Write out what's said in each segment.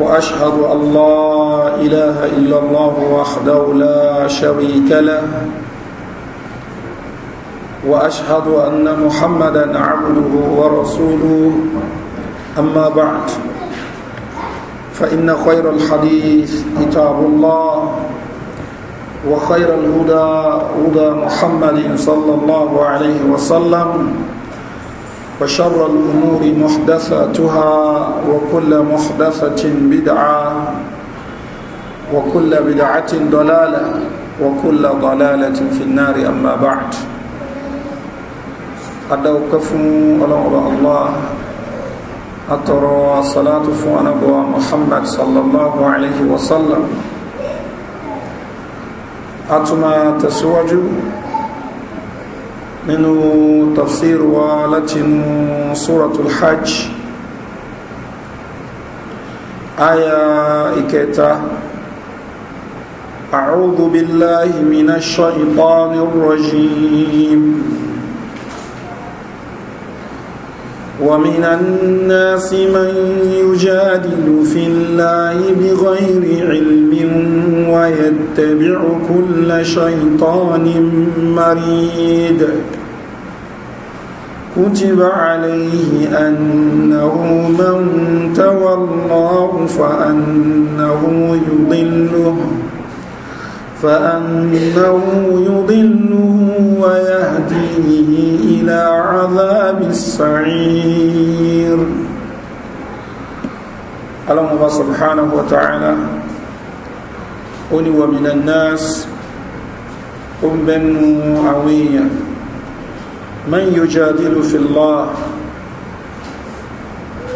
وأشهد أن لا إله إلا الله وحده لا شريك له وأشهد أن محمدا عبده ورسوله أما بعد فإن خير الحديث كتاب الله وخير الهدى هدى محمد صلى الله عليه وسلم وشر الأمور محدثاتها وكل محدثة بدعة وكل بدعة ضلالة وكل ضلالة في النار أما بعد أدوكف الله أترى صلاة فوانا محمد صلى الله عليه وسلم أتما تسوجوا nínú tafsir wa látinú suratul hajj aya ìkẹta أعوذ بالله من الشيطان الرجيم ومن الناس من يجادل في الله بغير علم ويتبع كل شيطان مريد كتب عليه أنه من تولاه فأنه يضله فأنه يضله ويهديه إلى عذاب السعير alamọba subhanahu wa ta'ala ó ní wa minan nas ó ń bẹnu àwọn èèyàn man yujadilu fillah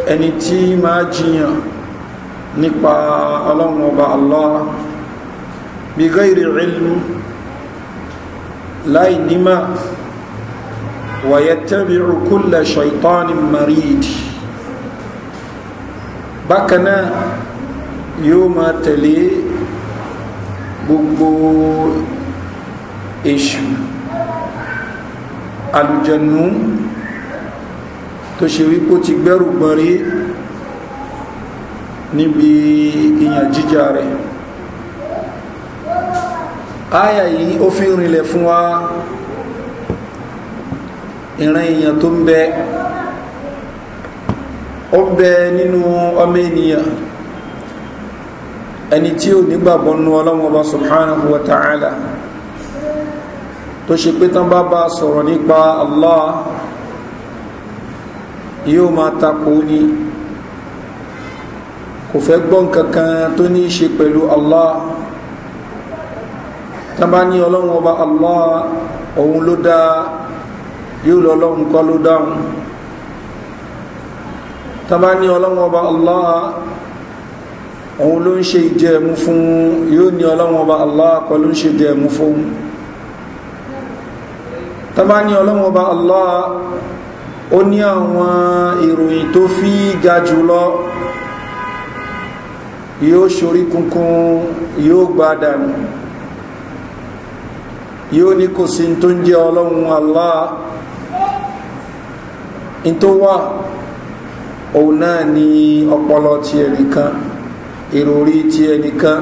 ẹni tí máa jiyàn nípa alamọba allah bí gáìrì ilmu láì nímà wàyẹ̀tẹ́bìrù kúlẹ̀ shaitan marid bákan náà yóò máa tẹ̀lé gbogbo èṣù alùjẹnu tó ṣe wípó ti gbẹ́rù gbọ́nrí níbi ìyàn jíjà rẹ̀ áyà yìí ó fi rinlẹ̀ fún wa ìran èèyàn tó ń bẹ́ẹ̀ ó bẹ nínú ọmọ ènìyàn ẹni tí ò nígbàgbọ́ nu ọlọ́wọ́n ọba subhanahu wa ta'ala tó ṣe pé tán bá bá sọ̀rọ̀ nípa allah yóò máa takò ní kò fẹ́ gbọ́ nkankan tó ní ṣe pẹ̀lú allah tán bá ní ọlọ́wọ́n ọba allah òun ló dá yóò lọ kọ́ ló dáhùn tàbá ní ọlọ́wọ́n ọba allah òun ló ń ṣe ìjẹ̀mú fún yóò ní ọlọ́wọ́n ọba allah kọ́ ló ń ṣe ìjẹ̀mú fún tàbá ní ọlọ́wọ́n ọba allah ó ní àwọn ìròyìn tó fi ga jùlọ yóò ṣorí kunkun yóò gbádànù yóò ní kò sí tó ń jẹ́ ọlọ́run allah in wà òun náà ni ọpọlọ ti ẹnìkan ìròrí ti ẹnìkan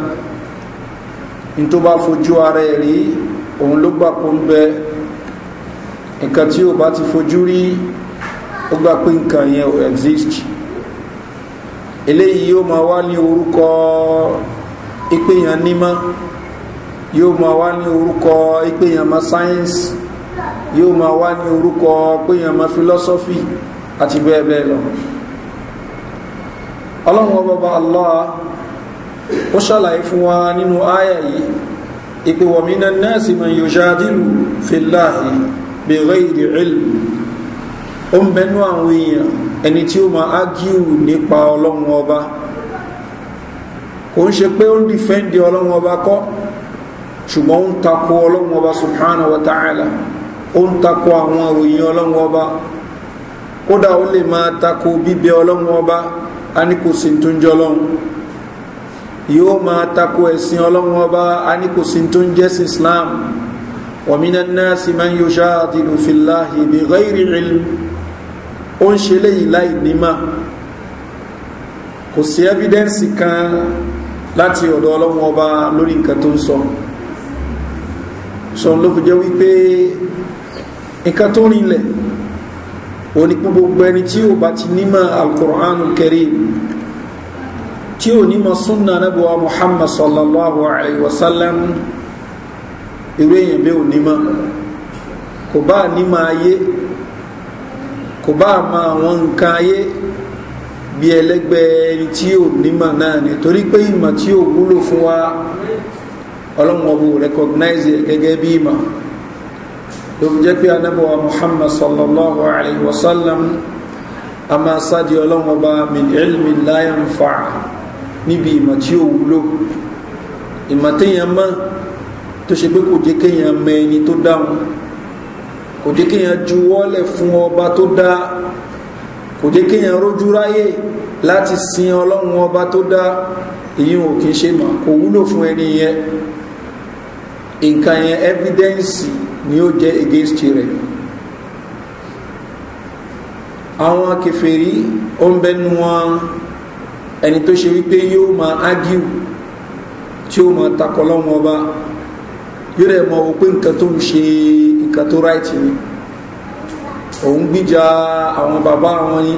ní tó bá fojú ara ẹ̀ rí òun ló gbà pọ̀ ń bẹ nǹkan tí ó bá ti fojú rí ó gbà pé nǹkan yẹn ò exist eléyìí yóò máa wá ní orúkọ ìpéyàn nímọ́ yóò máa wá ní orúkọ ìpéyàn mọ́ sáyẹ́nsì yóò máa wá ní orúkọ ìpéyàn mọ́ fílọ́sọ́fì àti bẹ́ẹ̀ bẹ́ẹ̀ lọ. ọlọ́run ọba allah ó ṣàlàyé fún wa nínú àyà yìí ìpè wọ̀mínà náà sì mọ̀ yóò ṣáàdìlù fìláhì bèèrè ìdí ìlú ó ń bẹnu àwọn èèyàn ẹni tí ó máa ágíù nípa ọlọ́run ọba kò ń ṣe pé ó ń dìfẹ́ǹdì ọlọ́run ọba kọ́ kódà ó lè máa takò bíbẹ ọlọ́run ọba a ní kò sí tó ń jẹ́ ọlọ́run yóò máa tako ẹ̀sìn ọlọ́run ọba a ní kò sí tó ń jẹ́ sí islam wàmínà náà sì máa ń yọ ṣáàtì lùfìláhì bí gẹ́rì ìlú ó ń ṣe léyìí láì nímà kò sí ẹ́fídẹ́ǹsì kan láti ọ̀dọ̀ ọlọ́run ọba lórí nǹkan tó ń sọ sọ ló fi jẹ́ wípé nǹkan tó rinlẹ̀ òun ni gbogbo ẹni tí ó bá ti nímọ̀ alukur'anu kẹrim tí ó nímọ̀ sunna anabuwa muhammad sallallahu alayhi wa sallam irú èèyàn bẹ́ẹ̀ ò nímọ̀ kò bá nímọ̀ ayé kò bá ma àwọn nǹkan ayé bí ẹlẹ́gbẹ́ tí ò nímọ̀ náà ni torí pé ìmọ̀ tí ò wúlò fún wa ọlọ́run ọbọ̀ recognize gẹ́gẹ́ bí ìmọ̀ ló fi jẹ́ pé anábọ̀wá muhammad sallallahu alayhi wa sallam a máa sáde ọlọ́run ọba min ilmi láyàn fa níbi ìmọ̀ tí ó wúlò ìmọ̀ téèyàn mọ́ tó ṣe pé kò jẹ́ kéèyàn mọ ẹni tó dáhùn kò jẹ́ kéèyàn juwọ́lẹ̀ fún ọba tó dá kò jẹ́ kéèyàn rójú ráyè láti sin ọlọ́run ọba tó dá èyí ò kí ń ṣe mọ̀ kò wúlò fún ẹni yẹn nǹkan yẹn ẹ́fídẹ́ǹsì ni ó jẹ́ against rẹ̀ àwọn kẹfẹ́rí ó ń bẹnu wọn ẹni tó ṣe wípé yóò máa argue tí ó máa takọ lọ́wọ́ ọba yóò rẹ̀ mọ̀ pé nǹkan tó ń ṣe nǹkan tó right ni òun gbìjà àwọn bàbá wọn ni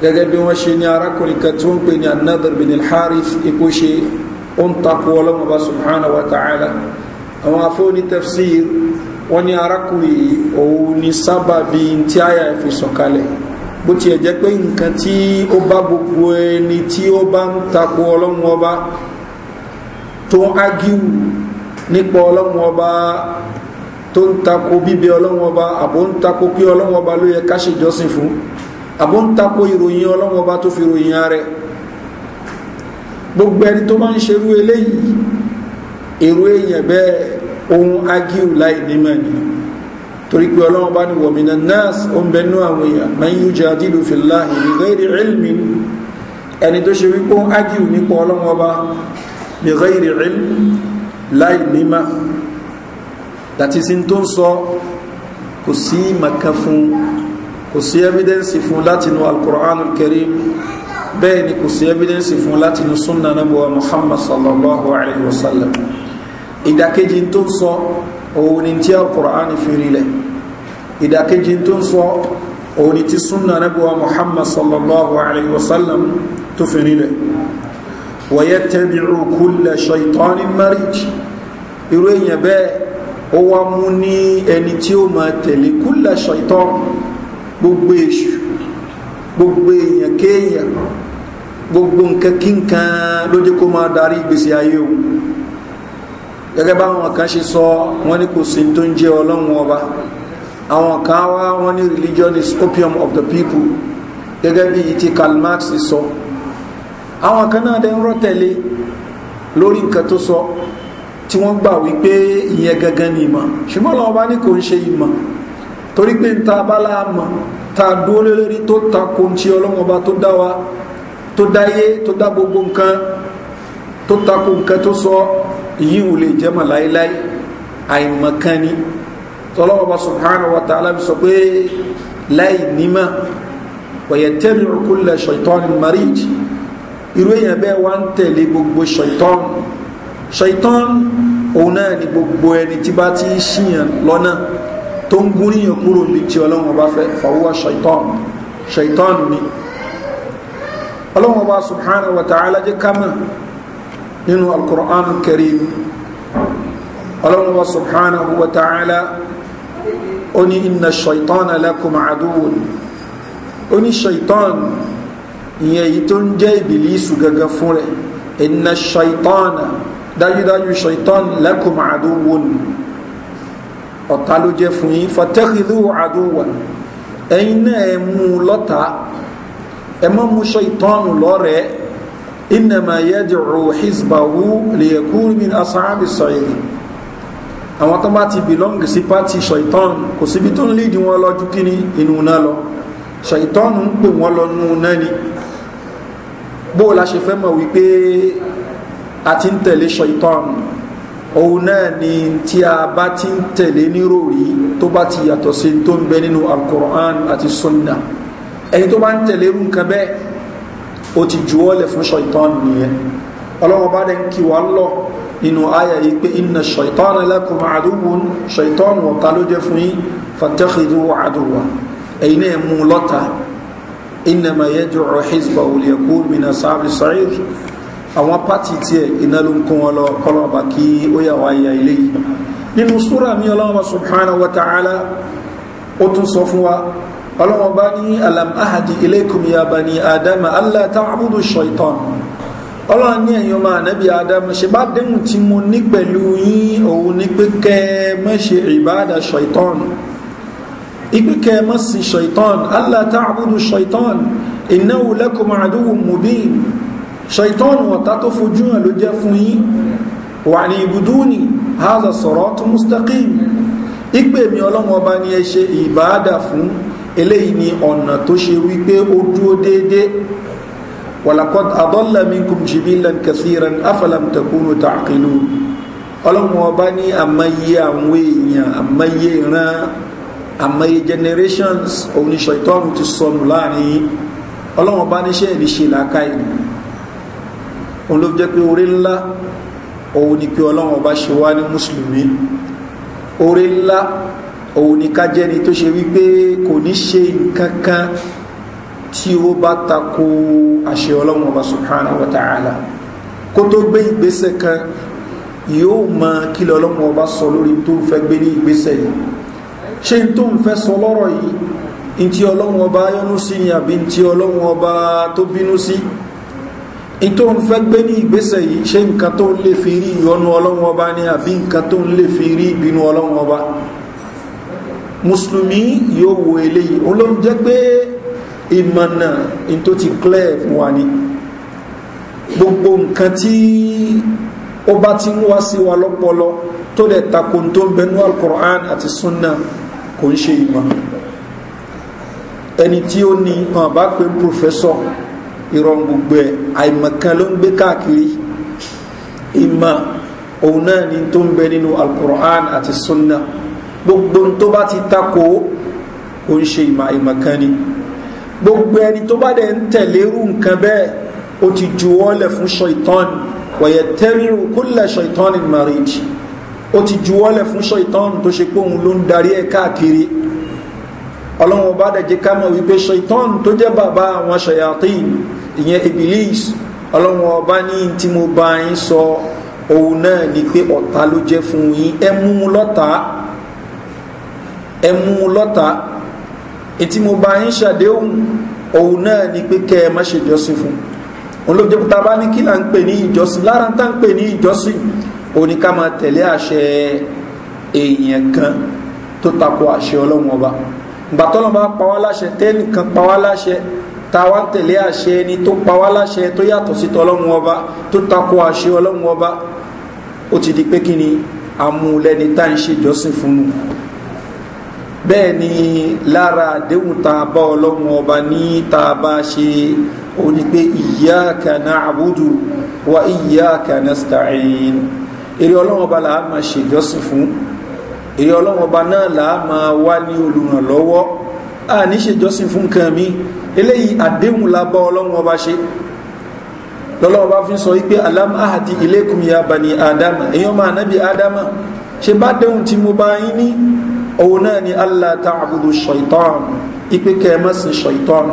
gẹ́gẹ́ bí wọ́n ṣe ní arákùnrin kan tí wọ́n pè ní anadar bin al-harith ipò ṣe ó ń takọ ọlọ́wọ́ subhanahu wa ta'ala. ala àwọn afọ́ni tafsir wọ́n ní arákùnrin òun ni sábàbí tí àyà fi sọ̀kalẹ̀ bó tiẹ̀ jẹ́ pé nǹkan tí ó bá gbogbo ẹni tí ó bá ń takò ọba tó ń ágíwù nípa ọba tó ń takò bíbẹ ọlọ́run ọba àbò ń takò pé ọba ló yẹ ká ṣèjọsìn fún àbò ń ọba tó fi ròyìn gbogbo ẹni tó ń ṣerú eléyìí èrò èèyàn ohun agiu láì nímọ̀ ni torí pé ọlọ́run bá ní wọ̀mìnà nas ó ń bẹnú àwọn èèyàn máa ń yújà dìlù fìlà ìrẹ́rì ilmi ẹni tó ṣe wípé ohun agiu nípa ọlọ́run ọba ìrẹ́rì ilmi láì nímọ̀ that is in tó ń sọ kò sí màkà fún kò sí evidence fún látinú alkur'an alkarim bẹ́ẹ̀ ni kò sí evidence fún látinú sunna nabuwa muhammad sallallahu alaihi wasallam ìdàkejì tó ń sọ òun ni tí alkùránì fi rílẹ̀ ìdàkejì tó ń sọ òun ni tí súnà nábíwá muhammad sallallahu alaihi wasallam tó fi rílẹ̀ wọ́yẹ́ tẹ́bìrù kúlẹ̀ ṣaitani marriage irú èyàn bẹ́ẹ̀ ó wá mú ní ẹni tí ó máa tẹ̀lé kúlẹ̀ ṣaitan gbogbo èṣù gbogbo èyàn kéèyàn gbogbo nǹkan kí lójú kó máa darí ìgbésí ayé òun gẹ́gẹ́ báwọn kan ṣe sọ wọ́n ní kò sí tó ń jẹ́ ọlọ́run ọba àwọn kan wá wọ́n ní religion is opium of the people gẹ́gẹ́ bí ti Karl Marx sọ àwọn kan náà dẹ̀ ń rọ́ tẹ̀lé lórí nǹkan tó sọ tí wọ́n gbà wípé ìyẹn gangan ni ìmọ̀ ṣùgbọ́n ọlọ́run ọba ní kò ń ṣe ìmọ̀ torí pé ta bala mọ̀ ta dúró lórí tó ta kò ń ṣe ọlọ́run ọba tó dá wa tó dáyé tó dá gbogbo nǹkan tó ta kò nǹkan tó sọ so, èyí ò lè jẹ́ mọ̀ láíláí àìmọ̀kan ni tọ́lọ́wọ́ bá subhanahu wa ta'ala fi sọ pé láì nímọ̀ wọ̀yẹ̀ tẹ́lẹ̀ òkúlẹ̀ ṣaitọ́n marij irú èèyàn bẹ́ẹ̀ wá ń tẹ̀lé gbogbo ṣaitọ́n ṣaitọ́n òun náà ni gbogbo ẹni tí bá ti ṣìyàn lọ́nà tó ń gún níyàn kúrò níbi tí ọlọ́run bá fẹ́ fàwọ́ ṣaitọ́n ṣaitọ́n ni ọlọ́run bá subhanahu wa ta'ala jẹ́ kámà nínú alkur'an karim ọlọ́mọba subhanahu wa ta'ala ó ní inna shaitana lakum aduwun ó ní shaitan ìyẹn èyí tó ń jẹ́ ìbìlísù gangan fún rẹ̀ inna shaitana dájúdájú shaitan lakum aduwun ọ̀tá ló jẹ́ fún yín fatakhidhu aduwan ẹ̀yin náà ẹ mú lọ́ta ẹ má mú shaitanu lọ́rẹ̀ẹ́ innama yad'u hizbahu liyakun min ashabi as-sa'id àwọn tó bá ti belong sí pati shaitan kò síbi tó ń lédi wọn lọ́jú kíní inú náà lọ shaitan ń pè wọn lọ nú náà ni bó la ṣe fẹ́ mọ̀ wípé a ti ń tẹ̀lé shaitan òun náà ni tí a bá ti ń tẹ̀lé níròrí tó bá ti yàtọ̀ sí tó ń bẹ nínú al-Qur'an àti sunna ẹni tó bá ń tẹ̀lé irú nǹkan bẹ́ẹ̀ ó ti juwọ́lẹ̀ fún ṣọ̀ìtàn nìyẹn ọlọ́wọ́n bá dẹ̀ ń kí wa lọ nínú ayà yìí pé iná ṣọ̀ìtàn alákùn àdúgbòn ṣọ̀ìtàn wọ̀ta ló jẹ́ fún yín fàtẹ́kìdú àdúwà ẹ̀yìn náà mú lọ́ta iná ma yẹ jù ọ̀ hezbollah olùyẹ̀kú mina sáàbì sàír àwọn pátì tiẹ̀ iná ló ń kún wọn lọ kọlọ́ọ̀bà kí ó yà wá ya ilé yìí nínú súra mi ọlọ́wọ́n subhanahu wa ta'ala ó tún sọ fún wa ọlọ́wọ́n bá ní alam ahadi ilaykum ya bani adama allah ta'budu shaitan ọlọ́wọ́n ní ẹ̀yin ọmọ ànábì adama ṣe bá dẹ́hùn tí mo ní pẹ̀lú yín òun ní pé kẹ́ mọ́ ṣe ìbáàdà shaitan ipe kẹ́ mọ́ sí shaitan allah ta'budu shaitan innahu lakum aduwwun mubin shaitan ọ̀tá tó fojú hàn ló jẹ́ fún yín wà ní ibùdúni haza siratun mustaqim ipe mi ọlọ́wọ́n bá ní ẹ ṣe ìbáàdà fún eléyìí ni ọ̀nà tó ṣe wípé ó dúró déédéé walakot adọ́láminkum jibilan kasiran afalam takunu taakilu ọlọ́run ọba ní àmọye àwọn èèyàn àmọye ìran àmọye generations oníṣọ ìtọ́run ti sọnù láàrin ọlọ́run ọba níṣẹ́ ìníṣe làákàyè òun ló jẹ́ pé orí ńlá òun ni pé ọlọ́run ọba ṣe wá ní mùsùlùmí orí ńlá òun ni ká jẹ́ni tó ṣe wípé kò ní ṣe nǹkan kan tí ó bá tako àṣẹ ọlọ́run ọba subhanahu wa ta'ala kó tó gbé ìgbésẹ̀ kan yóò mọ kí lọ ọlọ́run ọba sọ lórí tó ń fẹ́ gbé ní ìgbésẹ̀ yìí ṣé n tó ń fẹ́ sọ lọ́rọ̀ yìí n tí ọlọ́run ọba yọnu sí ni àbí n tí ọlọ́run ọba tó bínú sí n tó ń fẹ́ gbé ní ìgbésẹ̀ yìí ṣé nǹkan tó ń lè fi rí ìyọnu ọlọ́run ọba ni àbí nǹkan tó ń lè fi rí ìbínú ọlọ́run ọba mùsùlùmí yóò wo eléyìí òun ló ń jẹ́ pé ìmọ̀nà in tó ti clear fún wa ni gbogbo nǹkan tí ó bá ti ń wá sí wa lọ́pọlọ tó dẹ̀ takò tó ń bẹnú alukur'an àti sunna kò ń ṣe ìmọ̀ ẹni tí ó ní hàn bá pé pòfẹ́sọ̀ ìrọ̀n gbogbo ẹ̀ àìmọ̀kan ló ń gbé káàkiri ìmọ̀ òun náà ni tó ń bẹ nínú alukur'an àti sunna gbogbo tó bá ti takò ó ń ṣe ìmọ̀ ìmọ̀kan ni gbogbo ẹni tó bá dẹ̀ ń tẹ̀lé irú nǹkan bẹ́ẹ̀ ó ti ju wọ́lẹ̀ fún ṣọ̀ìtàn wọ̀yẹ̀ tẹ́rìrù kúlẹ̀ ṣọ̀ìtàn in marriage ó ti ju wọ́lẹ̀ fún ṣọ̀ìtàn tó ṣe pé òun ló ń darí ẹ̀ káàkiri ọlọ́run ọba dẹ̀ ká mọ̀ wípé ṣọ̀ìtàn tó jẹ́ bàbá àwọn ṣọ̀yàtìn ìyẹn ibilis ọlọ́run ọba ní tí mo bá yín sọ òun náà ni pé ọ̀tá ló jẹ́ fún yín ẹ mú lọ́tàá ẹ mú un lọ́ta ètí mo bá ń ṣàdéhùn òun náà ni pé kẹ́ ẹ má ṣe jọ́sìn fún un ló jẹ́pútà bá ní kí là ń pè ní ìjọsìn lára tá ń pè ní ìjọsìn òun ni ká máa tẹ̀lé àṣẹ èèyàn kan tó takò àṣẹ ọlọ́run ọba gbàtọ́lọ́mọ bá pa wá láṣẹ tẹ́nìkan pa wá láṣẹ táwa ń tẹ̀lé àṣẹ ẹni tó pa wá láṣẹ tó yàtọ̀ sí tọlọ́run ọba tó takò àṣẹ ọlọ́run ọba ó ti di pé kí ni àmúlẹ́ni tá ń ṣe jọ́sìn fún un bẹ́ẹ̀ ni lára àdéhùn tá a bá ọlọ́run ọba ní tá a bá ṣe ó ní pé iyyaka na'budu wa iyyaka nasta'in èrè ọlọ́run ọba làá máa ṣèjọ́sìn fún èrè ọlọ́run ọba náà làá máa wá ní olùrànlọ́wọ́ a ní ṣèjọ́sìn fún nǹkan mi eléyìí àdéhùn la bá ọba ṣe lọ́lọ́wọ́ bá fi sọ wípé alam ahadi ilaykum ya bani adama èèyàn máa nábì adama ṣe bá déhùn tí mo bá yín ní òun náà ni allah ta'budu shaitan ipe kẹ́ ẹ má sin shaitan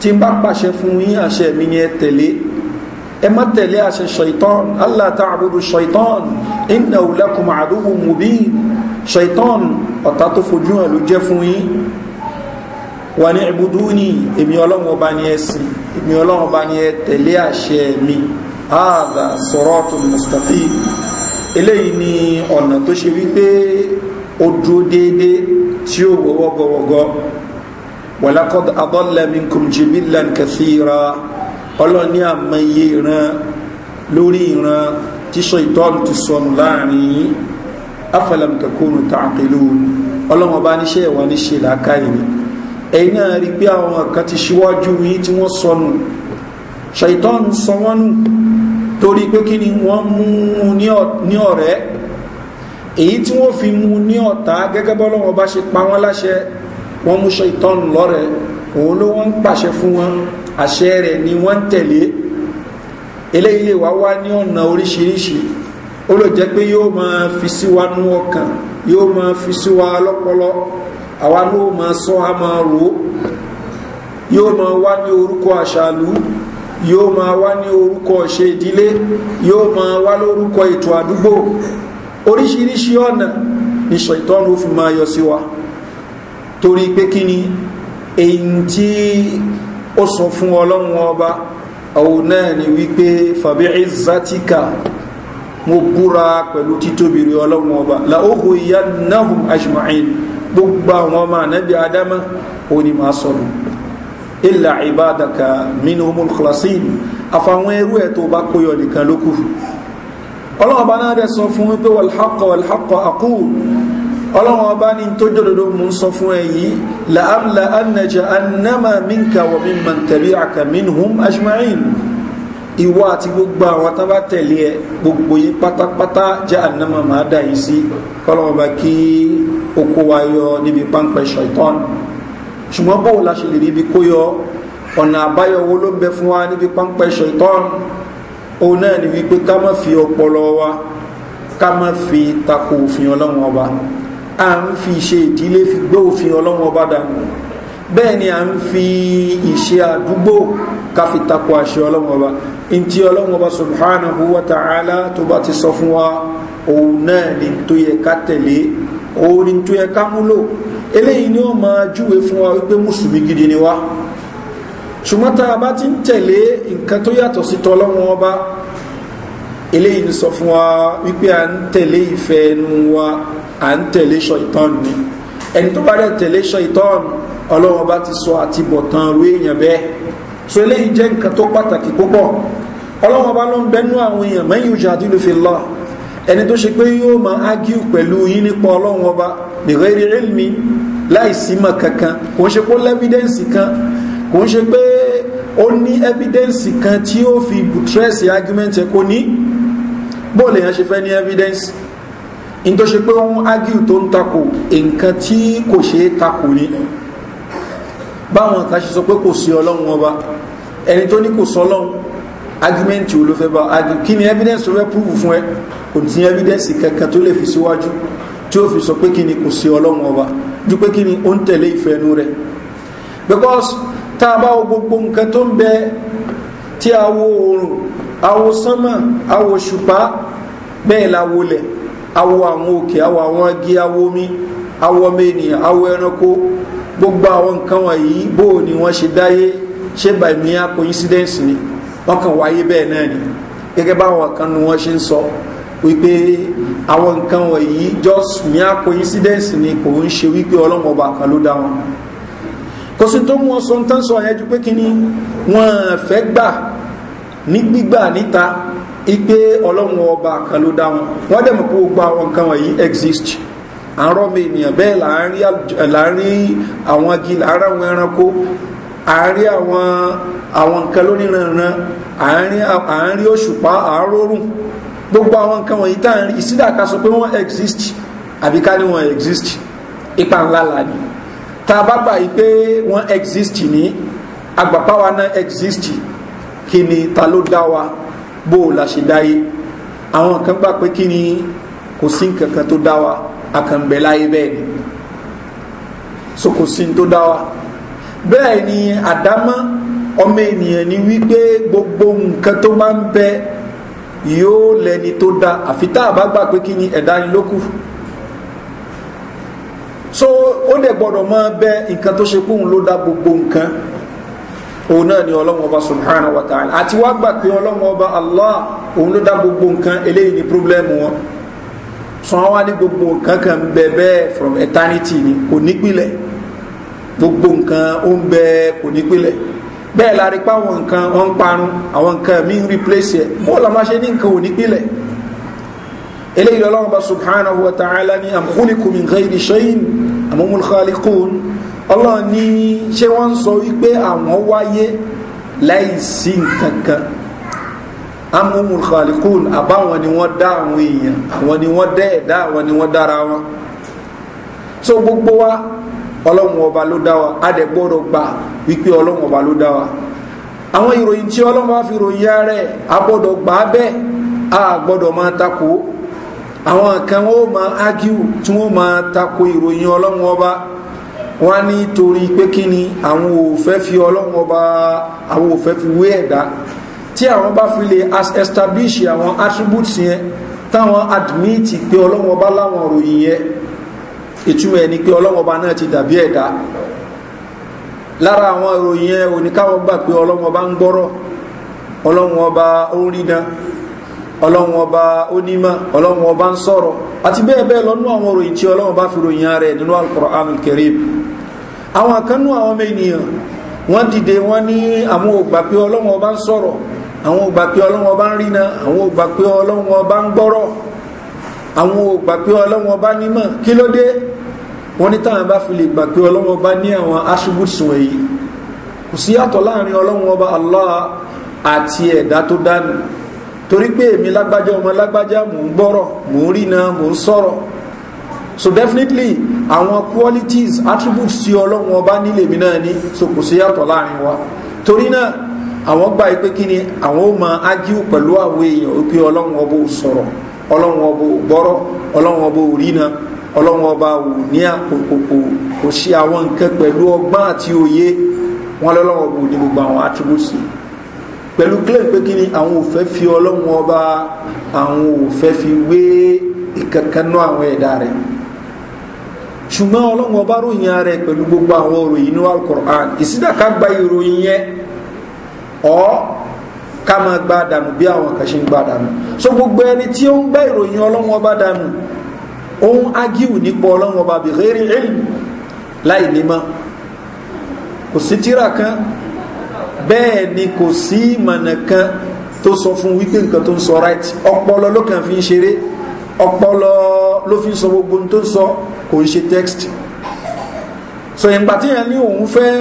tí n bá pàṣẹ fún yín àṣẹ mi ni ẹ tẹ̀lé ẹ má tẹ̀lé àṣẹ shaitan allah ta'budu shaitan inna lakum aduhu mubin shaitan ọ̀tá tó fojú hàn ló jẹ́ fún yín wà ní ìbúdú ní èmi ọlọ́run ọba ni ẹ sìn èmi ọlọ́run ọba ni ẹ tẹ̀lé àṣẹ mi ààdà sọ̀rọ̀ tó mustapha eléyìí ni ọ̀nà tó ṣe wípé ó dúró déédéé tí ó wọ́wọ́ gọ́wọ́gọ́ wàlákọ́dọ̀ adọ́lẹ̀mí kùmjìbílàn kẹsíra ọlọ́ni àmọye ìran lórí ìran tíṣọ ìtọ́nù ti sọnù láàrin afẹ́lẹ́mùtẹ̀kùnù tààkìlú ọlọ́wọ́n bá níṣẹ́ ìwà níṣẹ́ làákàyè ni ẹ̀yìn náà rí pé àwọn kan ti ṣíwájú yìí tí wọ́n sọnù ṣàìtọ́nù sọ wọ́n nù torí pé kí ni wọ́n mú ní ọ̀rẹ́ èyí tí wọ́n fi mú ní ọ̀tá gẹ́gẹ́ bọ́lọ́wọ́ bá ṣe pa wọ́n láṣẹ wọ́n mú ṣaitan lọ́rẹ̀ òun ló wọ́n ń pàṣẹ fún wọn àṣẹ rẹ̀ ni wọ́n ń tẹ̀lé eléyìí lè wá wá ní ọ̀nà oríṣiríṣi ó lè jẹ́ pé yóò máa fi sí wa nú ọkàn yóò máa fi sí wa lọ́pọlọ àwa ló máa sọ a máa rò ó yóò máa wá ní orúkọ àṣàlù yóò máa wá ní orúkọ ṣe ìdílé yóò máa wá lórúkọ ètò àdúgbò oríṣiríṣi ọ̀nà ni ṣaitọ́nù fi máa yọ sí wa torí pé kí ni èyí tí ó sọ fún ọlọ́run ọba àwọn náà ni wípé fàbí ìzàtíkà mo búra pẹ̀lú títóbi rí ọlọ́run ọba láòhù ìyá nahum ajma'in gbogbo àwọn ọmọ àfàwọn ẹrú ẹ̀ tó bá kóyọ nìkan lókù ọlọ́run ọba náà dẹ̀ sọ fún wípé wàlhaqqa wàlhaqqa aqul ọlọ́run ọba ní tó jòdòdó mú sọ fún èyí la'amla annaja annama minka wa mimman tabi'aka minhum ajma'in ìwọ àti gbogbo àwọn tán bá tẹ̀lé ẹ gbogbo yí pátápátá jẹ́ ànámà máa dà yìí sí kọ́lọ́wọ́ kí oko wa yọ níbi páńpẹ́ ṣọ̀tọ́n ṣùgbọ́n bóò la ṣe lè rí kó yọ ọ̀nà àbáyọ ló ń bẹ fún wa níbi páńpẹ́ ṣọ̀tọ́n òun náà ni wípé ká má fi ọpọlọ wa ká má fi tako òfin ọlọ́run ọba à ń fi ìṣe ìdílé fi gbé òfin ọlọ́run ọba dànù bẹ́ẹ̀ ni à ń fi ìṣe àdúgbò ká fi tako àṣẹ ọlọ́run ọba ntí ọlọ́run ọba subhanahu wa ta'ala tó bá ti sọ fún wa òun náà ni tó yẹ ká tẹ̀lé òun ni tó yẹ ká múlò eléyìí ni ó máa júwe fún wa wípé mùsùlùmí gidi ni wá ṣùgbọ́n tá a bá ti ń tẹ̀lé nǹkan tó yàtọ̀ sí tọ́lọ́wọ́n ọba eléyìí ń sọ fún wa wípé à ń tẹ̀lé ìfẹ́ ẹnu wa à ń tẹ̀lé ṣọ̀ìtàn ni ẹni tó bá dẹ̀ tẹ̀lé ṣọ̀ìtàn ọlọ́wọ́n ọba ti sọ àti bọ̀tán ru èèyàn bẹ́ẹ̀ so eléyìí jẹ́ nǹkan tó pàtàkì púpọ̀ ọlọ́wọ́n ọba ló ń bẹnu àwọn èèyàn mẹ́yìn ojú àdínú fi lọ ẹni tó ṣe pé yóò máa ágíù pẹ̀lú yín nípa ọlọ́wọ́n ọba nìgbẹ́rẹ́ ilmi láìsí mọ̀ kankan kò ń ṣe pé lẹ́fídẹ́ǹsì kan kò ń ṣe pé ó ní evidence kan tí ó fi buttress argument ẹ̀ kò ní bóòlù èèyàn ṣe fẹ́ ní evidence in tó ṣe pé ó ń argue tó ń takò nǹkan tí kò ṣe é takò ní báwọn kan ṣe sọ pé kò sí ọlọ́run ọba ẹni tó ní kò sọ ọlọ́run argument wo ló fẹ́ bá argue kí ni evidence tó fẹ́ prove fún ẹ kò ní evidence kankan tó lè fi síwájú tí ó fi sọ pé kí ni kò sí ọlọ́run ọba ju pé kí ni ó ń tẹ̀lé ìfẹ́ ẹnu rẹ̀ because tá a bá wo gbogbo nǹkan tó ń bẹ tí a wo oòrùn a wo sánmà a wo ṣùpá bẹ́ẹ̀ la wolẹ̀ a wo àwọn òkè a wo àwọn agi a wo omi ọmọ ènìyàn a ẹranko gbogbo àwọn nǹkan wọ̀nyí bó ni wọ́n ṣe dáyé ṣé bàmíyá coincidence ni wọ́n kàn wáyé bẹ́ẹ̀ náà ni gẹ́gẹ́ báwọn kan ni wọ́n ṣe ń sọ wípé àwọn nǹkan wọ̀nyí just mere coincidence ni kò ń ṣe wípé ọlọ́mọba kan ló dá wọn kò sí tó mú ọ sọ tán sọ yẹn ju pé kí ni wọ́n fẹ́ gbà ní gbígbà níta ipe ọlọ́run ọba kan ló dá wọn wọ́n dẹ̀ mọ̀ pé gbogbo àwọn nǹkan wọ̀nyí exist àárọ̀ mi ènìyàn bẹ́ẹ̀ láàárín àwọn agi láàárín àwọn ẹranko àárín àwọn àwọn nǹkan lóníranran àárín òṣùpá àárọ̀rùn gbogbo àwọn nǹkan wọ̀nyí tá à ń rí ìsídà sọ pé wọ́n exist àbíká ni wọ́n exist ipa ńlá là ni tá a bá gbà yí pé wọ́n exist ní agbàpá wa náà exist kí ni ta ló dá wa bó o la ṣe dáyé àwọn kan gbà pé kí ni kò sí nǹkan kan tó dá wa àkànbẹ̀ láyé bẹ́ẹ̀ ni so kò sí tó dá wa bẹ́ẹ̀ ni àdámọ́ ọmọ ènìyàn ni wípé gbogbo nǹkan tó bá ń bẹ yóò lẹni tó dá àfi tá a bá gbà pé kí ni ẹ̀dá ni lókù. E so ó dẹ̀ gbọ́dọ̀ mọ́ bẹ́ nǹkan tó ṣe kóhun ló dá gbogbo nǹkan òun náà ni ọlọ́run ọba subhanahu wa ta'ala àti wá gbà pé ọlọ́run ọba allah òun ló dá gbogbo nǹkan eléyìí ni problem wọn sọ wá ní gbogbo nǹkan kan bẹ bẹ́ẹ̀ from eternity ni kò nípìlẹ̀ gbogbo nǹkan ó ń bẹ kò nípìlẹ̀ bẹ́ẹ̀ la rí pa àwọn nǹkan ọ̀ ń parun àwọn nǹkan mi ń replace ẹ̀ bó la máa ṣe ní nǹkan ò nípìlẹ̀ eléyìí lọ́lọ́run bá subhanahu wa ta'ala ni amkhuliku min ghairi shayin amumul khaliqun ọlọ́run ní ṣé wọ́n sọ wípé àwọn wáyé láìsí nǹkankan amumul khaliqun àbáwọn ni wọ́n dá àwọn èèyàn àwọn ni wọ́n dẹ́ ẹ̀dá àwọn ni wọ́n dára wọn so gbogbo wa ọlọ́run ọba ló dá wa a dẹ̀ gbọ́dọ̀ gbà wípé ọlọ́run ọba ló dá wa àwọn ìròyìn tí ọlọ́run bá fi ròyìn ara ẹ̀ a gbọ́dọ̀ gbà á bẹ́ẹ̀ a gbọ́dọ̀ máa takò àwọn kan wọ́n ma ágíwù tí wọ́n ma tako ìròyìn ọlọ́run ọba wọ́n ní torí pé kí ni àwọn òfẹ́ fi ọlọ́run ọba àwọn òfẹ́ fi wé ẹ̀dá tí àwọn bá fi lè establish àwọn attributes yẹn táwọn admit pé ọlọ́run ọba láwọn ìròyìn yẹn ìtumọ̀ ẹni pé ọlọ́run ọba náà ti dàbí ẹ̀dá lára àwọn ìròyìn yẹn òní káwọn gbà pé ọlọ́run ọba ń gbọ́rọ̀ ọlọ́run ọba ó rí náà ọlọ́run ọba onímọ̀ ọlọ́run ọba ń sọ̀rọ̀ àti bẹ́ẹ̀ bẹ́ẹ̀ lọ́nú àwọn ròyìn tí ọlọ́run bá fi ròyìn rẹ̀ nínú alkùrán kẹrìm àwọn akánú àwọn ọmọ ènìyàn wọ́n dìde wọ́n ní àwọn ògbà pé ọlọ́run ọba ń sọ̀rọ̀ àwọn ògbà pé ọlọ́run ọba ń rìnà àwọn ògbà pé ọlọ́run ọba ń gbọ́rọ̀ àwọn ògbà pé ọlọ́run ọba nímọ̀ kí ló dé wọ́n ní táwọn bá fi lè gbà pé ọlọ́run ọba ní àwọn attributes wọ̀nyí kò síyàtọ̀ láàrin ọlọ́run ọba allah àti ẹ̀dá tó dánù torí pé èmi lágbájá ọmọ lágbájá mò ń gbọ́rọ̀ mò ń rìnà mò ń sọ̀rọ̀ so definitely àwọn qualities attributes tí ọlọ́run ọba nílé mi náà ní so kò sí yàtọ̀ láàrin wa torí náà àwọn gbà pé kí ni àwọn ó máa ágíù pẹ̀lú àwọn èèyàn wípé ọlọ́run ọba ò sọ̀rọ̀ ọlọ́run ọba ò gbọ́rọ̀ ọlọ́run ọba ò rìnà ọlọ́run ọba ò ní àkókò kò ṣe àwọn nǹkan pẹ̀lú ọgbọ́n àti òye wọn lọ́lọ́run ọba ò ní gbogbo àwọn attributes yìí pẹ̀lú claim pé kí ni àwọn òfẹ́ fi ọlọ́run ọba àwọn òfẹ́ fi wé ìkankanú àwọn ẹ̀dá rẹ̀ ṣùgbọ́n ọlọ́run ọba ròyìn ara rẹ̀ pẹ̀lú gbogbo àwọn òròyìn inú alukur'an ìsídàká gba ìròyìn yẹn ọ́ ká máa gba dànù bí àwọn kan ṣe ń gba dànù so gbogbo ẹni tí ó ń gbá ìròyìn ọlọ́run ọba dànù ó ágíwù nípa ọlọ́run ọba bìrẹ́rì ẹ̀lì láì nímọ̀ kò sí tíra kan bẹ́ẹ̀ ni kò sí ìmọ̀nà kan tó sọ fún wípé nǹkan tó ń sọ right ọpọlọ ló kàn fi ń ṣeré ọpọlọ ló fi ń sọ gbogbo tó ń sọ kò ń ṣe text so ìgbà tí yẹn ní òun fẹ́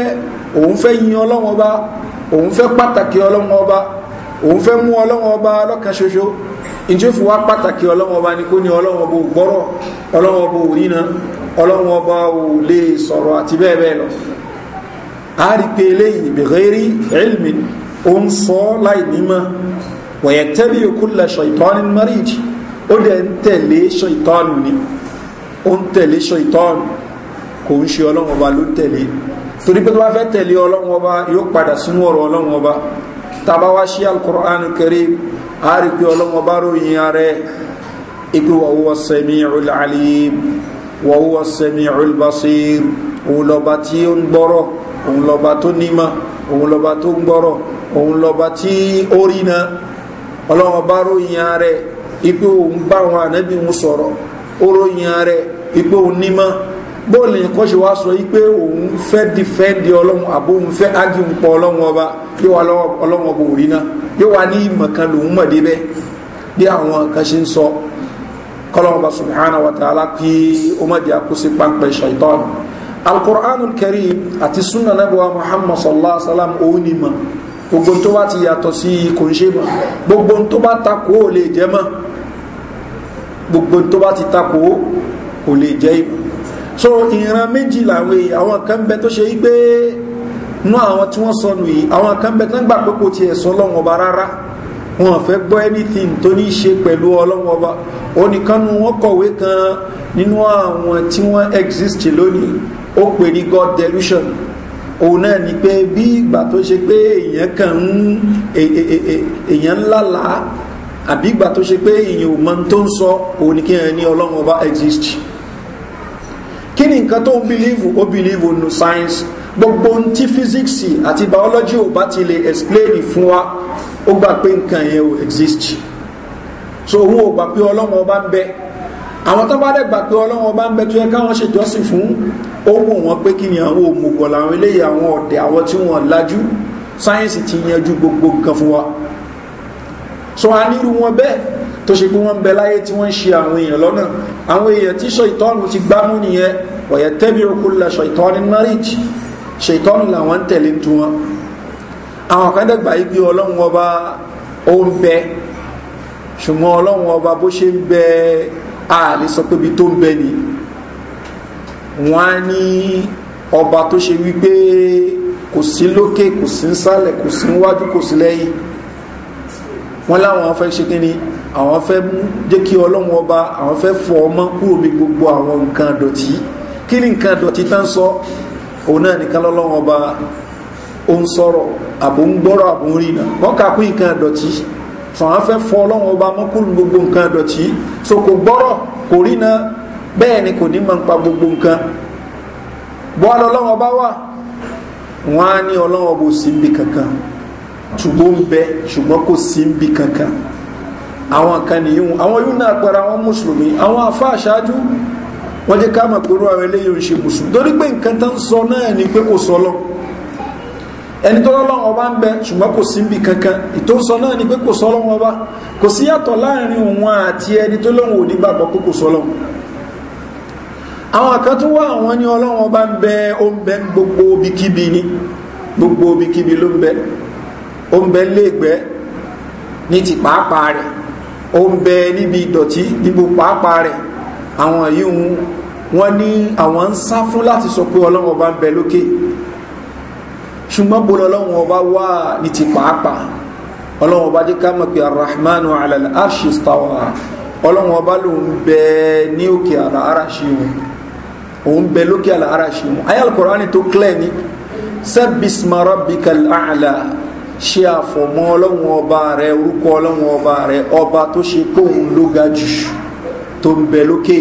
òun fẹ́ yin ọlọ́wọ́n ọba òun fẹ́ pàtàkì ọlọ́wọ́n ọba òun fẹ́ mú ọlọ́wọ́n ọba lọ́kàn ṣoṣo ìjọ fi wá pàtàkì ọlọ́wọ́n ọba ni kó ní ọlọ́wọ́n ọba ò gbọ́rọ̀ ọlọ́wọ́n ọba ò ríran ọlọ́wọ́n ọba ò lè sọ̀rọ̀ àti bẹ́ẹ̀ bẹ́ẹ̀ lọ a rí pé eléyìí bìgẹ́rí ilmi ó ń sọ láì nímọ̀ wọ̀nyẹ̀ tẹ́lẹ̀ yòókù lẹ́ṣọ̀ ìtọ́ni mẹ́rìjì ó dẹ̀ ń tẹ̀lé ṣọ ìtọ́nù ni ó ń tẹ̀lé ṣọ ìtọ́nù kò ń ṣe ọlọ́run ọba ló ń tẹ̀lé torí pé tó bá fẹ́ tẹ̀lé ọlọ́run ọba yóò padà sínú ọ̀rọ̀ ọlọ́run ọba tàbá wá sí alukur'an kẹrí a rí pé ọlọ́run ọba ròyìn ààrẹ ipe wàhùwà sẹ́mi ọ̀làlì wàhùwà sẹ́mi ọ̀lbàṣẹ́ òun òun lọ́ba tó nímọ̀ òun lọ́ba tó ń gbọ́rọ̀ òun lọ́ba tí ó rí na ọlọ́wọ́n bá ròyìn ààrẹ ipé òun bá àwọn ànábì òun sọ̀rọ̀ ó ròyìn ààrẹ ipé òun nímọ̀ bóòlù nǹkan ṣe wá sọ wípé òun fẹ́ dìfẹ́ǹdì ọlọ́run àbó òun fẹ́ ágìun pọ̀ ọlọ́run ọba yóò wá ọlọ́run ọba òrí náà yóò wá ní ìmọ̀ kan lòun mọ̀ débẹ̀ bí àwọn kan ṣe ń sọ kọ́lọ́run ọba subhanahu wa ta'ala kí ó má di àkóso páńpẹ́ ṣàìtọ́nù alukur'anul karim àti sunna nabuwa muhammad sallallahu alaihi wasallam sallam òun ni ma gbogbo tó bá ti yàtọ̀ sí kò ṣe ma gbogbo tó bá takò ó lè jẹ́ ma gbogbo tó bá ti takò ó kò lè jẹ́ ìmọ̀ so ìran méjì làwọn èèyàn àwọn kan bẹ tó ṣe yí pé nú àwọn tí wọ́n sọnù yìí àwọn kan bẹ tó ń gbà pé kò tiẹ̀ sọ lọ́wọ́n ọba rárá wọn fẹ́ gbọ́ anything tó ní í ṣe pẹ̀lú ọlọ́wọ́n ọba oníkanu wọn kọ̀wé kan nínú àwọn tí wọ́n exist lónìí ó pè ní god delusion òun náà ni pé bí ìgbà tó ṣe pé èèyàn kan ń e, e, e, èèyàn ńlála àbí ìgbà tó ṣe pé èèyàn ò mọ tó ń sọ òun ni kí ẹ ní ọlọ́run ọba exist kí ni nǹkan tó ń bìlíìfù ó bìlíìfù nù science gbogbo ohun tí físíksì àti biology ò bá ti lè explain fún wa ó gbà pé nǹkan yẹn ò exist so òun ò gbà pé ọlọ́run ọba ń bẹ́ẹ̀ àwọn tó bá dẹ̀ gbà pé ọlọ́wọ́n bá ń bẹ tó yẹ káwọn ṣe jọ́sìn fún owó wọn pé kí ni àwọn òmùgọ̀ làwọn eléyìí àwọn ọ̀dẹ̀ àwọn tí wọ́n lajú sáyẹ́nsì ti yanjú gbogbo nǹkan fún wa so a nírú wọn bẹ́ẹ̀ tó ṣe pé wọ́n ń bẹ láyé tí wọ́n ń ṣe àwọn èèyàn lọ́nà àwọn èèyàn tí ṣètọ́nù ti gbámú nìyẹn ọ̀yẹ̀ tẹ́bí okú la ṣètọ́nù marriage ṣètọ́nù làwọn ń tẹ̀lé tu wọn àwọn kan dẹ̀ gbà yí ọlọ́run ọba ó ń bẹ ṣùgbọ́n ọlọ́run ọba bó ṣe ń bẹ́ẹ̀ a lè sọ pé ibi tó ń bẹ ni wọ́n á ní ọba tó ṣe wípé kò sí lókè kò sí nsàlẹ̀ kò sí níwájú kò sí lẹ́yìn wọ́n láwọn fẹ́ ṣe kí ni àwọn fẹ́ mú jẹ́ kí ọlọ́run ọba àwọn fẹ́ fọ ọmọ kúrò mi gbogbo àwọn nǹkan dọ̀tí kí ni nǹkan dọ̀tí tá ń sọ òun náà nìkan lọ́lọ́run ọba ó ń sọ̀rọ̀ àbò ń gbọ́rọ̀ àbò ń rìnà wọ́n kà kún nǹkan dọ̀tí sọ àwọn fẹ́ fọ ọlọ́run ọba mọ́kúrú gbogbo nǹkan ẹ̀dọ̀tí so kò gbọ́rọ̀ kò rí na bẹ́ẹ̀ ni kò ní ma ń pa gbogbo nǹkan bọ́ọ̀lù ọlọ́run ọba wà wọ́n á ní ọlọ́run ọba ò kankan ṣùgbọ́n ń bẹ ṣùgbọ́n kankan àwọn kan àwọn náà àwọn mùsùlùmí àwọn wọ́n jẹ́ ká àwọn eléyìí ò ń ṣe mùsùlùmí ẹni tó lọ́lọ́wọ́ bá ń bẹ ṣùgbọ́n kò sí níbi kankan ìtòsọ náà ni pé kò sọ lọ́wọ́ kò sí yàtọ̀ láàrin òun àti ẹni tó lọ́wọ́ onígbàgbọ́ pé kò sọ àwọn kan tó wá àwọn ní ọlọ́wọ́ bá ń bẹ ó ń bẹ gbogbo obìkíbi ni gbogbo obìkíbi ló ń bẹ ó ń bẹ léègbẹ́ ní ti pàápàá rẹ̀ ó ń bẹ níbi ìdọ̀tí níbo pàápàá rẹ̀ àwọn yìí wọ́n ní àwọn ń sá fún láti sọ pé ọlọ́wọ́ bá ń bẹ lókè okay ṣùgbọ́n bó lọ́wọ́ ọba wà ní ti pàápàá ọlọ́wọ́ ọba jẹ́ ká mọ̀ pé arahmanu alal arshi stawa ọlọ́wọ́ ọba ló ń bẹ ní òkè àlà arashi wọn òun bẹ lókè àlà arashi wọn ayé alukurani tó clear ni sẹ́bìsímà rọ́bìkà àlà ṣe àfọ̀mọ́ ọlọ́wọ́ ọba rẹ orúkọ ọlọ́wọ́ ọba rẹ ọba tó ṣe kóhun ló ga jù tó ń bẹ lókè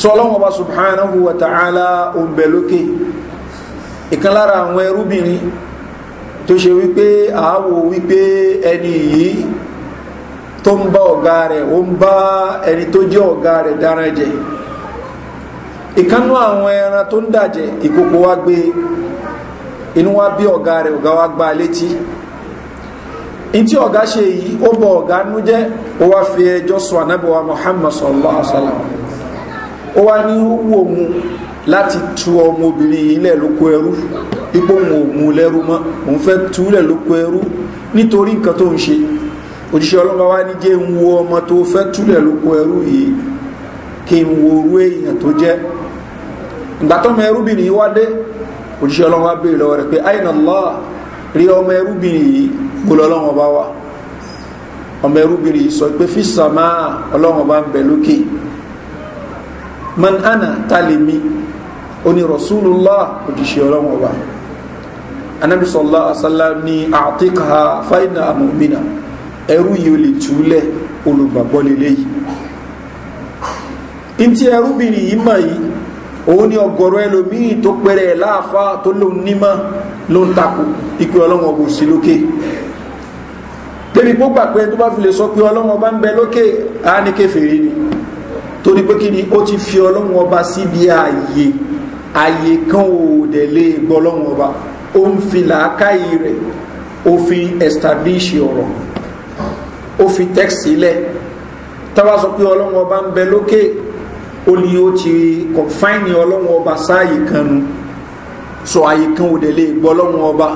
sọ ọlọ́wọ́ ọba subhanahu wa ta'ala ń bẹ lókè. ìkan lára àwọn ẹrúbìnrin tó ṣe wípé àáwò wípé ẹni yìí tó ń bá ọ̀gá rẹ̀ ó ń bá ẹni tó jẹ́ ọ̀gá rẹ̀ dáran jẹ ìkánú àwọn ẹran tó ń dàjẹ́ ìkòkò wá gbé e. inú wá bí ọ̀gá rẹ̀ ọ̀gá gba létí in tí ọ̀gá ṣe yìí ó bọ ọ̀gá fi ẹjọ́ sọ muhammad sallallahu alaihi wa sallam ó láti tu ọmọbìnrin ilẹ̀ lóko ẹrú ipò òun ò lẹ́rú mọ́ òun fẹ́ túlẹ̀ lóko ẹrú nítorí nǹkan tó ń ṣe òjíṣẹ́ wá ní jẹ́ ń wo ọmọ tó fẹ́ lóko ẹrú yìí kí n wo orú èèyàn tó jẹ́ ìgbà tọ́mọ ẹrúbìnrin wá dé òjíṣẹ́ ọlọ́mọ béèrè lọ́wọ́ rẹ̀ pé eru biri rí ọmọ ẹrúbìnrin yìí gbọ́lọ́ ọlọ́mọ bá wà ọmọ ẹrúbìnrin yìí sọ pé fíṣàmá ọlọ́mọ bá ń bẹ̀ lókè man ana oní rasulullah òjìṣẹ́ ọlọ́run ọba anabi sọlá asálá ní àtìkà fáìnà àmọ́mìnà ẹrú yìí ó lè túlẹ̀ olùgbàgbọ́ lélẹ́yìí ntí ẹrúbìnrin yìí mọ̀ yìí òun ni ọgọ̀rọ̀ ẹlòmíì tó pẹ̀rẹ̀ láàfá tó lóun nímọ̀ ló ń takò ìpè ọlọ́run ọba òsì lókè débi kó gbà pé tó bá fi lè sọ pé ọlọ́run ọba ń bẹ lókè á ní kẹfìrí ni torí pé kí ni ó ti fi ọlọ́run ọba síbi ààyè àyè kan ò dẹ̀ lè gbọ́ lọ́wọ́n ọba ó ń fi làákàyè rẹ̀ ó fi establish ọ̀rọ̀ ó fi text sílẹ̀ táwa sọ pé ọlọ́wọ́n ọba ń bẹ lókè ó ní ó ti confine ọlọ́wọ́n ọba sáàyè kan nu sọ àyè kan ò dẹ̀ lè gbọ́ lọ́wọ́n ọba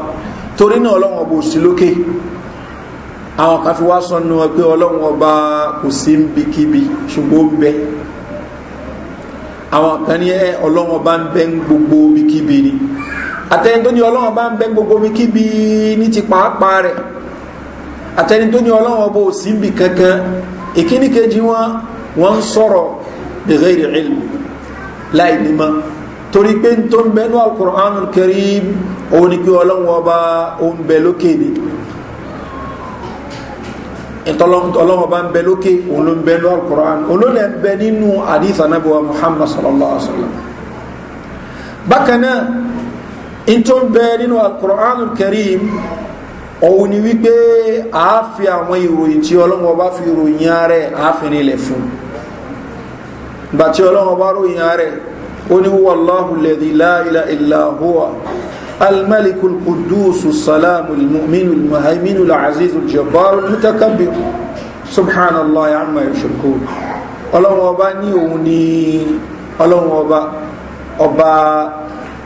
torí náà ọlọ́wọ́n ọba ò sí lókè àwọn kan fi wá sọnù ọ pé ọlọ́wọ́n ọba kò sí ń bikíbi ṣùgbọ́n ń bẹ́ẹ̀ àwọn kan ní ẹ ọlọ́wọ́n bá ń bẹ́ ń gbogbo bíkíbi ni àtẹni tó ní ọlọ́wọ́n bá ń bẹ́ ń gbogbo bíkíbi ní ti pàápàá rẹ̀ àtẹni tó ní ọlọ́wọ́n bó sí bì kankan ìkíní kejì wọn wọn ń sọ̀rọ̀ bẹ̀rẹ̀ ìrìn láì nímọ̀ torí pé tó ń bẹ́nu alukur'an kẹrí òun ni pé ọlọ́wọ́n bá ń bẹ lókè ni ìtọ́lọ́wọ́ bá ń bẹ lókè òun ló ń bẹ lọ́wọ́ quran òun ló lẹ́ ń bẹ nínú àdìsá náà bọ̀ muhammad sallallahu alaihi wa sallam bákan náà ìtọ́ ń bẹ nínú alukur'an kareem òun ni wípé àáfi àwọn ìròyìn tí ọlọ́wọ́ bá fi ròyìn ààrẹ àáfin ilẹ̀ fún gbàtí ọlọ́wọ́ bá ròyìn ààrẹ ó الملك القدوس السلام المؤمن المهيمن العزيز الجبار المتكبر سبحان الله عما يشركون ọlọ́run ọba ní òun ni ọlọ́run ọba ọba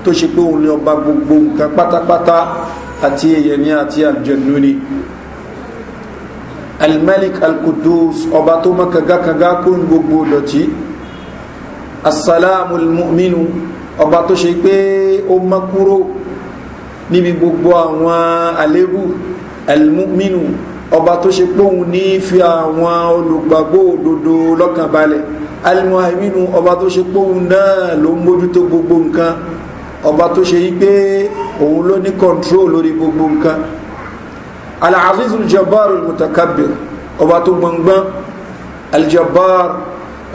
tó ṣe pé òun ni ọba gbogbo nǹkan pátápátá àti èyẹ ní àti àjẹ̀nú ni almalik alkudus ọba tó mọ́ kagakaga kó ń gbogbo dọ̀tí asalamu almu'minu ọba tó ṣe pé ó mọ́ kúrò níbi gbogbo àwọn àlébù ẹlmúmínú ọba tó ṣe póhun ní fi àwọn olùgbàgbọ́ òdodo lọ́kàn balẹ̀ alimuhaiminu ọba tó ṣe póhun náà ló ń mójútó gbogbo nǹkan ọba tó ṣe yí pé òun ló ní control lórí gbogbo nǹkan alaazizu jabbar mutakabir ọba tó gbọngbọn aljabbar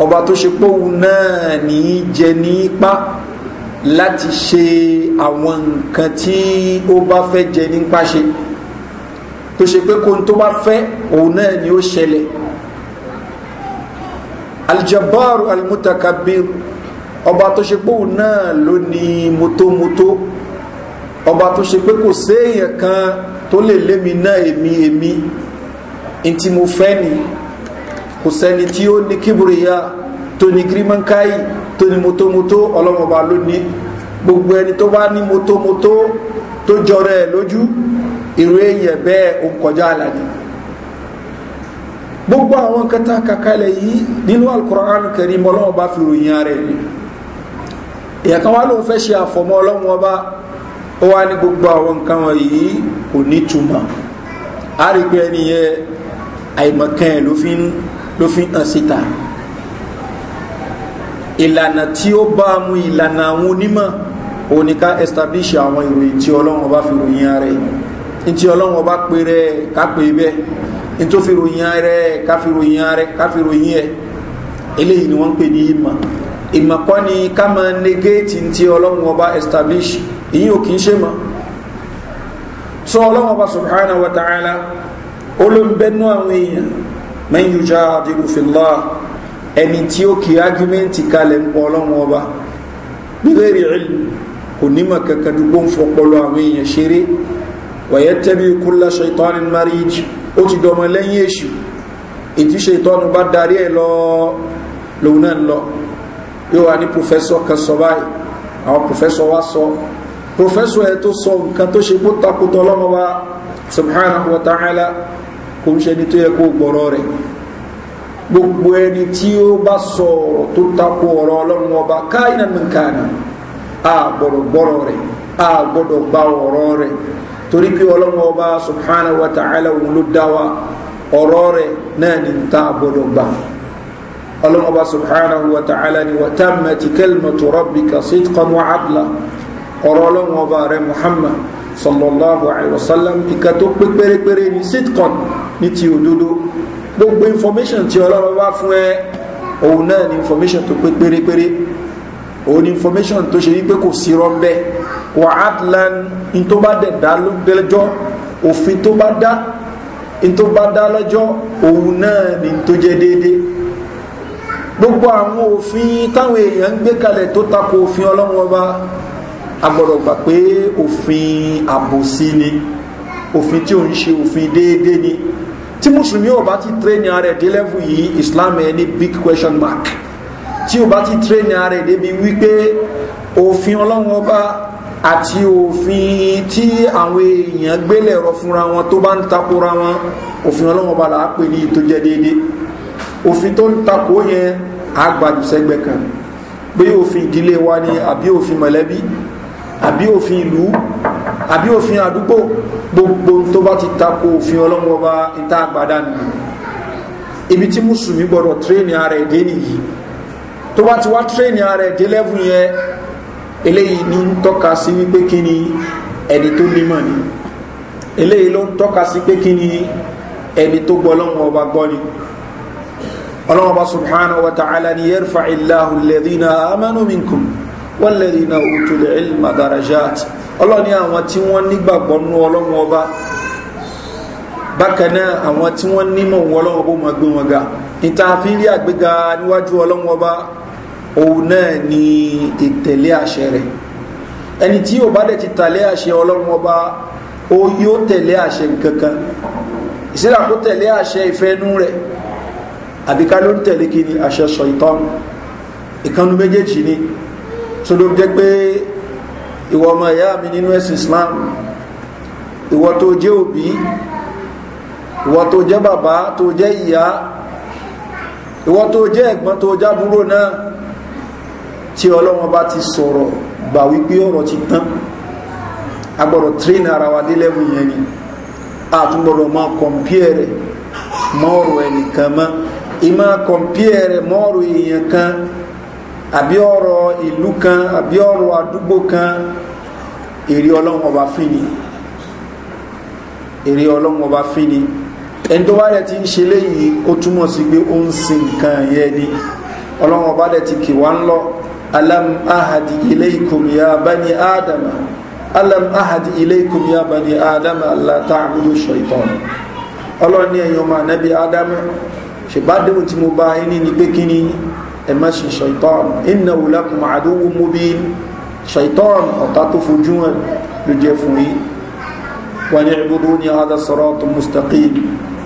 ọba tó ṣe póhun náà ní jẹ ní pa láti ṣe àwọn nǹkan tí ó bá fẹ́ jẹ nípa ṣe tó ṣe pé kóhun tó bá fẹ́ òun náà ni ó ṣẹlẹ̀ aljabaru almutakabir ọba tó ṣe pé òun náà ló ní motomoto ọba tó ṣe pé kò séèyàn kan tó lè lémi náà èmi èmi ntí mo fẹ́ ni kò sẹ́ni tí ó ní kíburiya tóní kírímọ́nkáì tóní motomoto ọlọ́mọba lónìí gbogbo ẹni tó bá ní motomoto tó jọrọ ẹ lójú ìró èèyàn bẹ́ẹ̀ ò ń kọjá àlàní gbogbo àwọn kẹta kàkálẹ̀ yìí nínú alukoran kẹrin ọlọ́mọba fi ròyìn ara ẹ̀ èèyàn kan wá lóun fẹ́ ṣe àfọ̀mọ́ ọlọ́mọba ó wá ní gbogbo àwọn nǹkan wọ̀nyí kò ní túmọ̀ á ẹni yẹn àìmọ̀kẹ́ ló fi ń hàn síta ìlànà tí ó bá mu ìlànà àwọn onímọ̀ òun ni ká establish àwọn ìròyìn tí ọlọ́run ọba fi ròyìn ara ẹ̀ ní tí ọlọ́run ọba pè rẹ̀ ká pè bẹ́ẹ̀ ní tó fi ròyìn ara ká fi ròyìn ara ká fi ròyìn ẹ̀ eléyìí ni wọ́n ń pè ní ìmọ̀ ìmọ̀ kọ́ ni ká máa negate tí ọlọ́run ọba establish ìyí ò kìí ṣe mọ́ so ọlọ́run ọba subhana wa ta'ala olóńbẹ́nu àwọn èèyàn man yujadilu fillah ẹni tí ó kì ágúmẹ́ǹtì kalẹ̀ ń pọ̀ ọlọ́run ọba bíbélì ìlú kò nímọ̀ kankan dúpọ̀ ń fọpọlọ àwọn èèyàn ṣeré wàyẹ tẹ́bí kúlá ṣètọ́ni marriage ó ti dọmọ lẹ́yìn èṣù ètí ṣètọ́nu bá darí ẹ̀ lọ lòun náà lọ yóò wá ní pòfẹ́sọ̀ kan sọ báyìí àwọn pòfẹ́sọ̀ wa sọ pòfẹ́sọ̀ ẹ tó sọ nǹkan tó ṣe kó takùtọ̀ ọlọ́mọba subhanahu wa ta'ala kò ń ṣe ní tó yẹ kó gbọ́rọ̀ rẹ̀ gbogbo ẹni tí ó bá sọ ọ̀rọ̀ tó tako ọ̀rọ̀ ọlọ́run ọba káyínà nìkanà a gbọ́dọ̀ gbọ́rọ̀ rẹ̀ a gbọ́dọ̀ gba ọ̀rọ̀ rẹ̀ torí pé ọlọ́run ọba subhanahu wa ta'ala òun ló dá wa ọ̀rọ̀ rẹ̀ náà ní ta gbọ́dọ̀ gbà ọlọ́run ọba subhanahu wa ta'ala ni wa tammati kalimatu rabbika sidqan wa adla ọ̀rọ̀ ọlọ́run ọba rẹ̀ muhammad sallallahu alayhi wa sallam ìka tó pé pérépéré gbogbo information tí ọlọ́run wá fún ẹ òun náà ni information tó pé pérépéré òun ni information tó ṣe wípé kò sí rọ́ńbẹ́ wà á lan ní tó bá dẹ̀ dá lọ́jọ́ òfin tó bá dá ní tó bá dá lọ́jọ́ òun náà ni tó jẹ́ déédéé gbogbo àwọn òfin táwọn èèyàn ń gbé kalẹ̀ tó tako òfin ọlọ́run ọba agbọ́dọ̀ pé òfin àbòsí ni òfin tí ò ń ṣe òfin déédéé ni tí mùsùlùmí ò bá ti train ara dé level yìí islam ẹ̀ ní big question mark tí ò bá ti train ara ẹ̀ débi wípé òfin ọlọ́run ọba àti òfin tí àwọn èèyàn gbélé ẹ̀rọ fúnra wọn tó bá ń takora wọn òfin ọlọ́run ọba là á pè ní tó jẹ́ déédéé òfin tó ń takò yẹn á sẹ́gbẹ́ kan pé òfin ìdílé wa ni àbí òfin mọ̀lẹ́bí àbí òfin ìlú àbí òfin àdúgbò gbogbo tó bá ti tako òfin ọlọ́run ọba ìta àgbàdá nìyí ibi tí mùsùlùmí gbọdọ̀ tírénì ara ẹ̀ dé nìyí tó bá ti wá tírénì ara ẹ̀ dé lẹ́fù yẹn eléyìí ní ń tọ́ka sí wípé kí ni ẹni tó nímọ̀ ni eléyìí ló ń tọ́ka sí pé kí ni ẹni tó gbọ́ ọlọ́run ọba gbọ́ ni ọlọ́run ọba subhanahu wa ta'ala ni yarfa illahu alladhina amanu minkum walladhina utul ilma darajat ọlọ́ni àwọn tí wọ́n nígbàgbọ́ nú ọlọ́run ọba bákan náà àwọn tí wọ́n nímọ̀ wọ ọlọ́run ọba máa gbé wọn ga níta fi rí àgbéga níwájú ọlọ́run ọba òun náà ni ìtẹ̀lé àṣẹ rẹ̀ ẹni tí ò bá dẹ̀ ti tàlé àṣẹ ọlọ́run ọba ó yóò tẹ̀lé àṣẹ kankan ìsílà kó tẹ̀lé àṣẹ ìfẹ́nú rẹ̀ àbíká ló ń tẹ̀lé kí ni àṣẹ sọ ìtọ́nù ìkanu méjèèjì ni tó ló jẹ́ pé ìwọ ọmọ ìyá mi nínú ẹ̀sìn islam ìwọ tó jẹ́ òbí ìwọ tó jẹ́ bàbá tó jẹ́ ìyá ìwọ tó jẹ́ ẹ̀gbọ́n tó jábúrò náà tí ọlọ́wọ́n bá ti sọ̀rọ̀ gbà wípé ọ̀rọ̀ ti tán agbọ́dọ̀ train ara wa dé lẹ́wù yẹn ni àtúgbọ́dọ̀ máa kọ̀m̀pìẹ̀ rẹ̀ mọ́ ọ̀rọ̀ ẹnìkan mọ́ ìmọ̀ kọ̀m̀pìẹ̀ rẹ̀ èèyàn kan àbí ọ̀rọ̀ ìlú kan àbí ọ̀rọ̀ àdúgbò kan èrè ọlọ́run ọba fún ni èrè ọlọ́run ọba fún ni ẹni tó bá dẹ̀ ti ń ṣe léyìí ó túmọ̀ sí pé ó ń sin nǹkan yẹn ni ọlọ́run ọba dẹ̀ ti kì wá ń lọ alam ahadi ileikum ya bani adama alam ahadi ileikum ya bani adama allah ta'budu shaitan ọlọ́run ní ẹ̀yàn ọmọ ànábì adama ṣùgbọ́n àdéhùn tí mo bá yín ni pé kí ni ẹ má ṣe ṣaitan iná wùlákùn àdúgbò mọ́bí ṣaitan ọ̀tá tó fojú hàn ló jẹ́ fún yí wà ní ìbúdó ní àádá sọ́rọ̀ tó mustaqim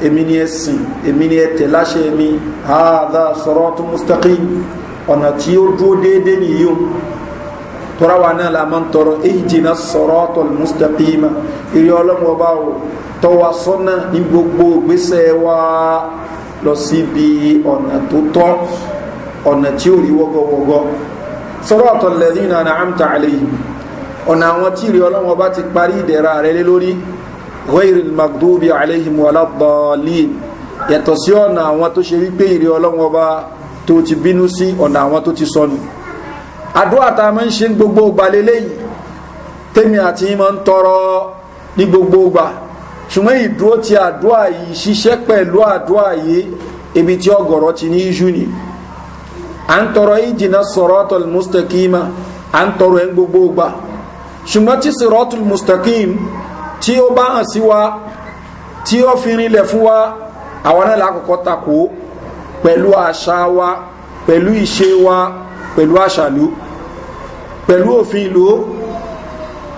èmi ni ẹ sìn èmi ni ẹ tẹ̀ láṣẹ mi àádá sọ́rọ̀ tó mustaqim ọ̀nà tí ó dúró déédéé nìyí tọ́ra wa náà la máa ń tọrọ ìjìnà sọ̀rọ̀ tọ̀ mustaqim ìrì ọlọ́mọba báwo tọ́wa sọ́nà ní gbogbo ìgbésẹ̀ wa lọ síbi ọ̀nà tó tọ́ ọ̀nà tí ó rí wọ́gọ́wọ́gọ́ sọ́rọ̀ àtọ̀lẹ́dínà na amta alayhim ọ̀nà àwọn tí rí ọlọ́wọ́ bá ti parí ìdẹ̀ra rẹ̀ lé lórí ghairil magdubi alayhim waladdalin yàtọ̀ sí ọ̀nà àwọn tó ṣe wípé ìrí ọlọ́wọ́ bá tó ti bínú sí ọ̀nà àwọn tó ti sọnù àdúrà tá a máa ń tí ọgọ̀rọ̀ ti ní iṣu ni à ń tọrọ yìí jìnnà siratul mustaqima à ń tọrọ ẹ̀ gbogbo gbà ṣùgbọ́n tí siratul mustaqim tí ó bá hàn sí wa tí ó fi rinlẹ̀ fún wa àwọn náà lákòókò takò pẹ̀lú àṣà wa pẹ̀lú ìṣe wa pẹ̀lú àṣàlú pẹ̀lú òfin ìlú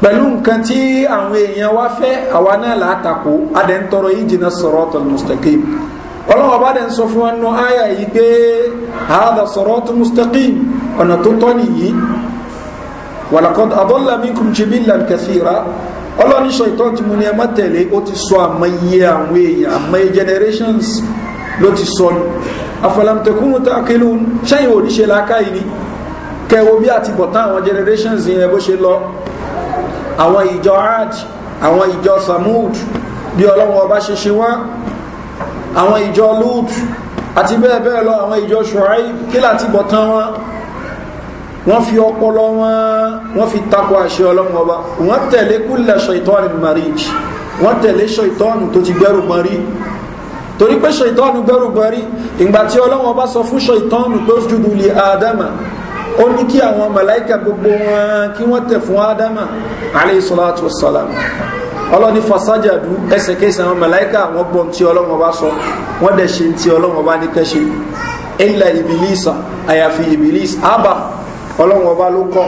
pẹ̀lú nǹkan tí àwọn èèyàn wá fẹ́ àwa náà látakò adẹ́ntọrọ yìí jìnnà siratul mustaqim ọlọ́wọ́ bá dẹ̀ ń sọ fún wọn nù áyà yìí pé hadha siratun mustaqim ọ̀nà tó tọ́ nìyí walaqad adalla minkum jibillan kathira ọlọ́ni sọ ìtọ́ tí ní ẹ tẹ̀lé ó ti sọ àmọye àwọn èèyàn àmọye generations ló ti sọ nù afalamtẹkùnrin tá a kéle ń ṣẹ́yìn oníṣẹ́ ni kẹwo bí àti bọ̀tán àwọn generations yẹn bó ṣe lọ àwọn ìjọ Ad àwọn ìjọ Samud bí ọlọ́wọ́n ọba ṣe ṣe wá àwọn ìjọ lúùtù àti bẹ́ẹ̀ bẹ́ẹ̀ lọ àwọn ìjọ ṣùráì kí láti bọ̀ tán wọn wọ́n fi ọpọlọ wọn wọ́n fi takọ àṣẹ ọlọ́run ọba wọ́n tẹ̀lé kúlẹ̀ ṣètọ́nù marriage wọ́n tẹ̀lé ṣètọ́nù tó ti gbẹ́rù gbọ́n rí torí pé ṣètọ́nù gbẹ́rù gbọ́n rí ìgbà tí ọlọ́run ọlọ́ni fasajadu ẹsẹ̀kẹsẹ̀ àwọn mẹ̀láíkà wọ́n gbọ́n tí ọlọ́wọ́n bá sọ wọ́n dẹ̀ ṣe tí ọlọ́wọ́n bá ní kẹ́ṣe ilẹ̀ ìbìlísà àyàfi ìbìlís àbà ọlọ́wọ́n bá ló kọ́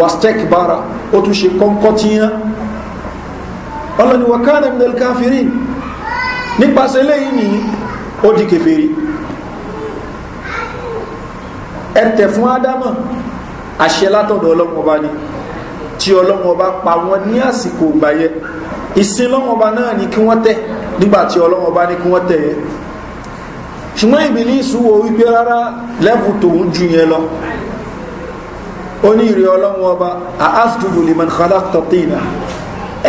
wastek bara ó tún ṣe kọ́ńkọ́ tíyán ọlọ́ni wakana minel káfírí nípasẹ̀ eléyìí ni ó di kẹfẹ́rí ẹ̀tẹ̀ fún ádámà àṣẹ látọ̀dọ̀ ọlọ́wọ́n bá ní tí ọlọ́run ọba pa wọ́n ní àsìkò ìgbà yẹn ìsìn ọlọ́run ọba náà ni kí wọ́n tẹ̀ nígbà tí ọlọ́run ọba ní kí wọ́n tẹ̀ yẹn ṣùgbọ́n ìbílí ìṣúwò wípé rárá lẹ́fù tòun ju yẹn lọ ó ní ìrè ọlọ́run ọba àásùdùdù lèman khalaqtatina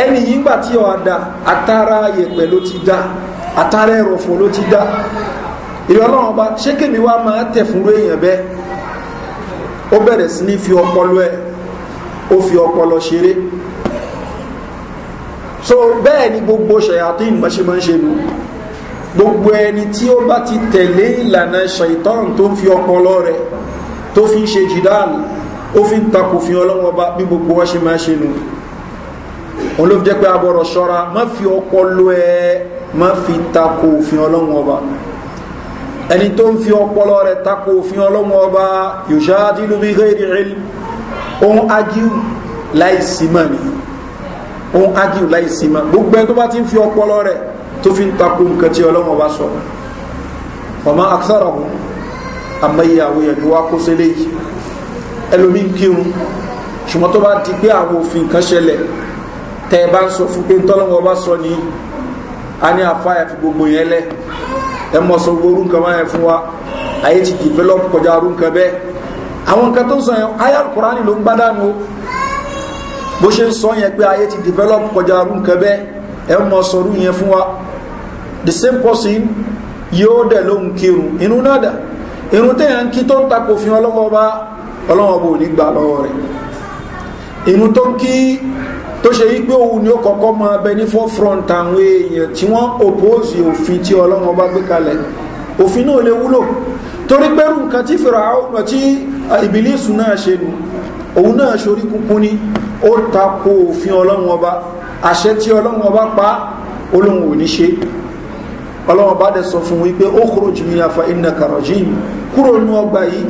ẹni yìí gbà tí ọ̀ da àtàrà yẹ̀pẹ̀ ló ti da àtàrà ẹ̀rọ̀fọ̀ ló ti da ìrè ọlọ́run ọba ṣé kèmí wá máa tẹ̀ fúnrú èèyàn bẹ́ẹ̀ ó bẹ̀rẹ̀ sí ní fi ọpọlọ ẹ̀ ó fi ọpọlọ ṣeré so bẹ́ẹ̀ ni gbogbo ṣẹ̀yàtọ̀ ìmọ̀ṣe máa ń ṣe nu gbogbo ẹni tí ó bá ti tẹ̀lé ìlànà ṣàìtàn tó ń fi ọpọlọ rẹ̀ tó fi ń ṣe jìdáàlì ó fi ń takò fi ọlọ́wọ́ bá bí gbogbo wọn ṣe máa ṣe nu òun ló fi jẹ́ pé abọ̀rọ̀ ṣọ́ra má fi ọpọlọ ẹ má fi takò òfin ọlọ́wọ́ ọba ẹni tó ń fi ọpọlọ rẹ̀ takò òfin ọlọ́wọ́ ọba yòṣáájú lóbi gẹ́rì ilmi òun ágíù láìsímọ̀ ni òun ágíù láìsímọ̀ gbogbo ẹ tó bá ti ń fi ọpọlọ rẹ̀ tó fi ń tako nǹkan tí ọlọ́wọ́n bá sọ ọmọ akitara ọ̀hún amáyé àwọn èèyàn ló wá kó sílé yìí ẹlòmí ń kírun ṣùgbọ́n tó bá di pé àwọn òfin kan ṣẹlẹ̀ tẹ́ ẹ bá ń sọ fún pé ntọ́lọ́wọ́n bá sọ ni a ní àfáyà fi gbogbo yẹn lẹ̀ ẹ mọ̀ sọ gbogbo orúkọ máa yẹn fún wa ayé ti develop kọjá orúkọ bẹ́ẹ̀ àwọn nǹkan tó ń sọ yẹn ayé alukurani ló ń bá dànù bó ṣe ń sọ yẹn pé ayé ti develop kọjá arú nǹkan bẹ́ẹ̀ ẹ mọ sọrú yẹn fún wa the same person yóò dẹ̀ ló ń kírun inú náà dà irun téèyàn ń kí tó ń takò fi ọlọ́wọ́ bá ọlọ́wọ́ bò ní gbà lọ́wọ́ rẹ̀ irun tó ń kí tó ṣe yí pé òun ni ó kọ́kọ́ máa bẹ ní forefront àwọn èèyàn tí wọ́n oppose òfin tí ọlọ́wọ́ bá gbé kalẹ̀ òfin náà lè wúlò torí pẹ̀rù nǹkan tí fèrè àwọn ọ̀nà tí Ah, ìbílísù náà ṣe nù òun náà ṣorí kúnkún ní ó tako òfin ọlọ́run ọba àṣẹ tí ọlọ́run ọba pa olóhun ò ní ṣe ọlọ́run ọba dẹ̀ sọ fún wípé ó kúrò jù ní afa iná karajim kúrò nú ọgbà yìí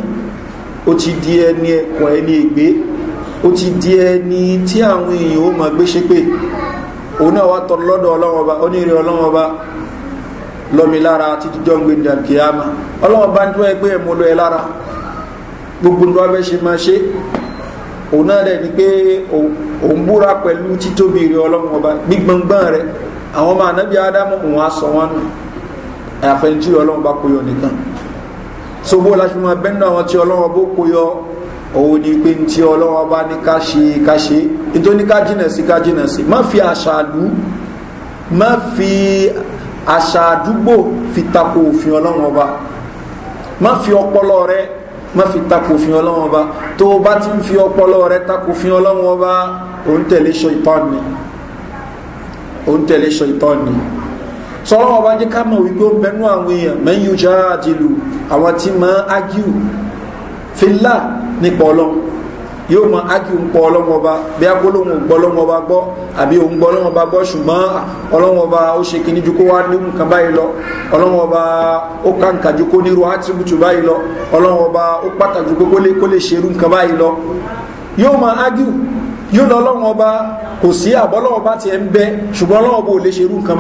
ó ti di ẹni ẹ̀kọ́ ẹni ègbé ó ti di ẹni tí àwọn èèyàn ó máa gbé ṣépè òun náà wá tọrọ lọ́dọ̀ ọlọ́run ọba onírè ọlọ́run ọba lọ́mi lára títí jọ́ ní àkíyàmá ọlọ́run ọba ń dúró ẹgbẹ́ ẹ̀ mọ́ ẹ lára gbogbo ní wọ́n fẹ́ ṣe máa ṣe òun náà rẹ̀ ni pé òun búra pẹ̀lú títóbi rẹ̀ ọlọ́run ọba gbígbọ̀ngbọ̀n rẹ̀ àwọn ọmọ ànábì ádámù òun á sọ wọn nù àfẹnjú ọlọ́run bá kó nìkan sógbó láti máa bẹ́ẹ̀ náà tí ọlọ́run bó kó òun ni pé tí ọlọ́run bá ní ká ṣe ká ṣe nítorí ká jìnà sí ká jìnà sí má fi àṣà àlú má fi àṣà àdúgbò fi tako òfin ọlọ́run ọba má fi ọpọlọ rẹ̀ ma fi takò fi ọlọ́wọ́n ọba tó o bá ti ń fi ọpọlọ rẹ takò fi ọlọ́wọ́n ọba òun tẹ̀lé ṣọ ìtọ́ni òun tẹ̀lé ṣọ ìtọ́ni sọ́rọ́ ọba jẹ́ ká mọ̀ wípé ó bẹnu àwọn èèyàn mẹ́yìn ojú àdìlù àwọn tí máa ágíù fìlà nípa ọlọ́run yóò mọ ákì ń pọ ọlọ́mọba bí agbólóhùn ò gbọ́ ọlọ́mọba gbọ́ àbí òun gbọ́ ọlọ́mọba gbọ́ ṣùgbọ́n ọlọ́mọba ó ṣe kíní ju kó wá ní nǹkan báyìí lọ ọlọ́mọba ó ká nǹkan ju kó nírú átribútù báyìí lọ ọlọ́mọba ó pàtàkì ju kó lè kó lè ṣerú nǹkan báyìí lọ yóò mọ ákì yóò lọ ọlọ́mọba kò sí àbọ́lọ́mọba tiẹ̀ ń bẹ ṣùgbọ́n ọlọ́mọba ò lè ṣerú nǹkan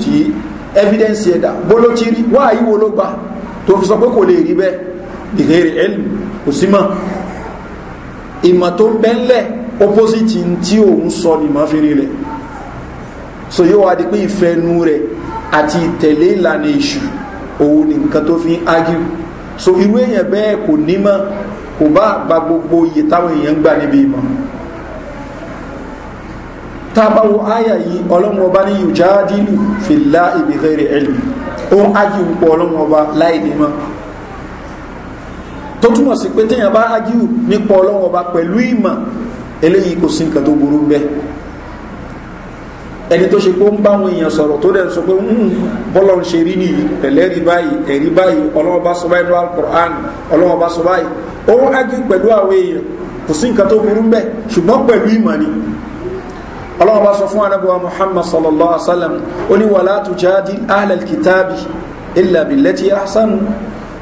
báyìí evidence ẹ̀dà bóló ti rí ló tó fi sọ pé kò lè rí bẹ́ẹ̀ ìhèrè ẹ̀lù kò sí mọ́ ìmọ̀ tó ń bẹ́ńlẹ̀ opposite tí òun sọ ni fi rí rẹ̀ so yóò wá di pé ìfẹ́nu rẹ̀ àti ìtẹ̀lé ìlànà ìṣù òun ni nǹkan tó fi ń so irú èèyàn bẹ́ẹ̀ kò ní kò bá gba gbogbo iye táwọn èèyàn gbà níbi tábàwò àyà yìí ọlọ́run ọba ní yujadilu fìlà ìbìkẹ́rì ẹ̀lì ó ń ájì ń pọ̀ ọlọ́run ọba láì ní mọ́ tó túmọ̀ sí pé téèyàn bá ájì nípa ọlọ́run ọba pẹ̀lú ìmọ̀ eléyìí kò sí nǹkan tó burú bẹ́ẹ̀ ẹni tó ṣe pé ó ń bá àwọn èèyàn sọ̀rọ̀ tó dẹ̀ sọ pé bọ́lọ̀ ń ṣe rí nìyí ẹ̀lẹ́rìí báyìí ẹ̀rí báyìí ọlọ́wọ́ bá sọ báyìí ní alukur'an ọlọ́wọ́ bá sọ báyìí ó ń ájú pẹ̀lú àwọn èèyàn kò sí nǹkan tó burú bẹ́ẹ̀ ṣùgbọ́n pẹ̀lú ìmọ̀ ni ọlọ́run bá sọ fún anábọ̀ muhammad sallallahu alaihi wa sallam ó ní wàlá tó jáde ahlal kitabi illa billati ahsanu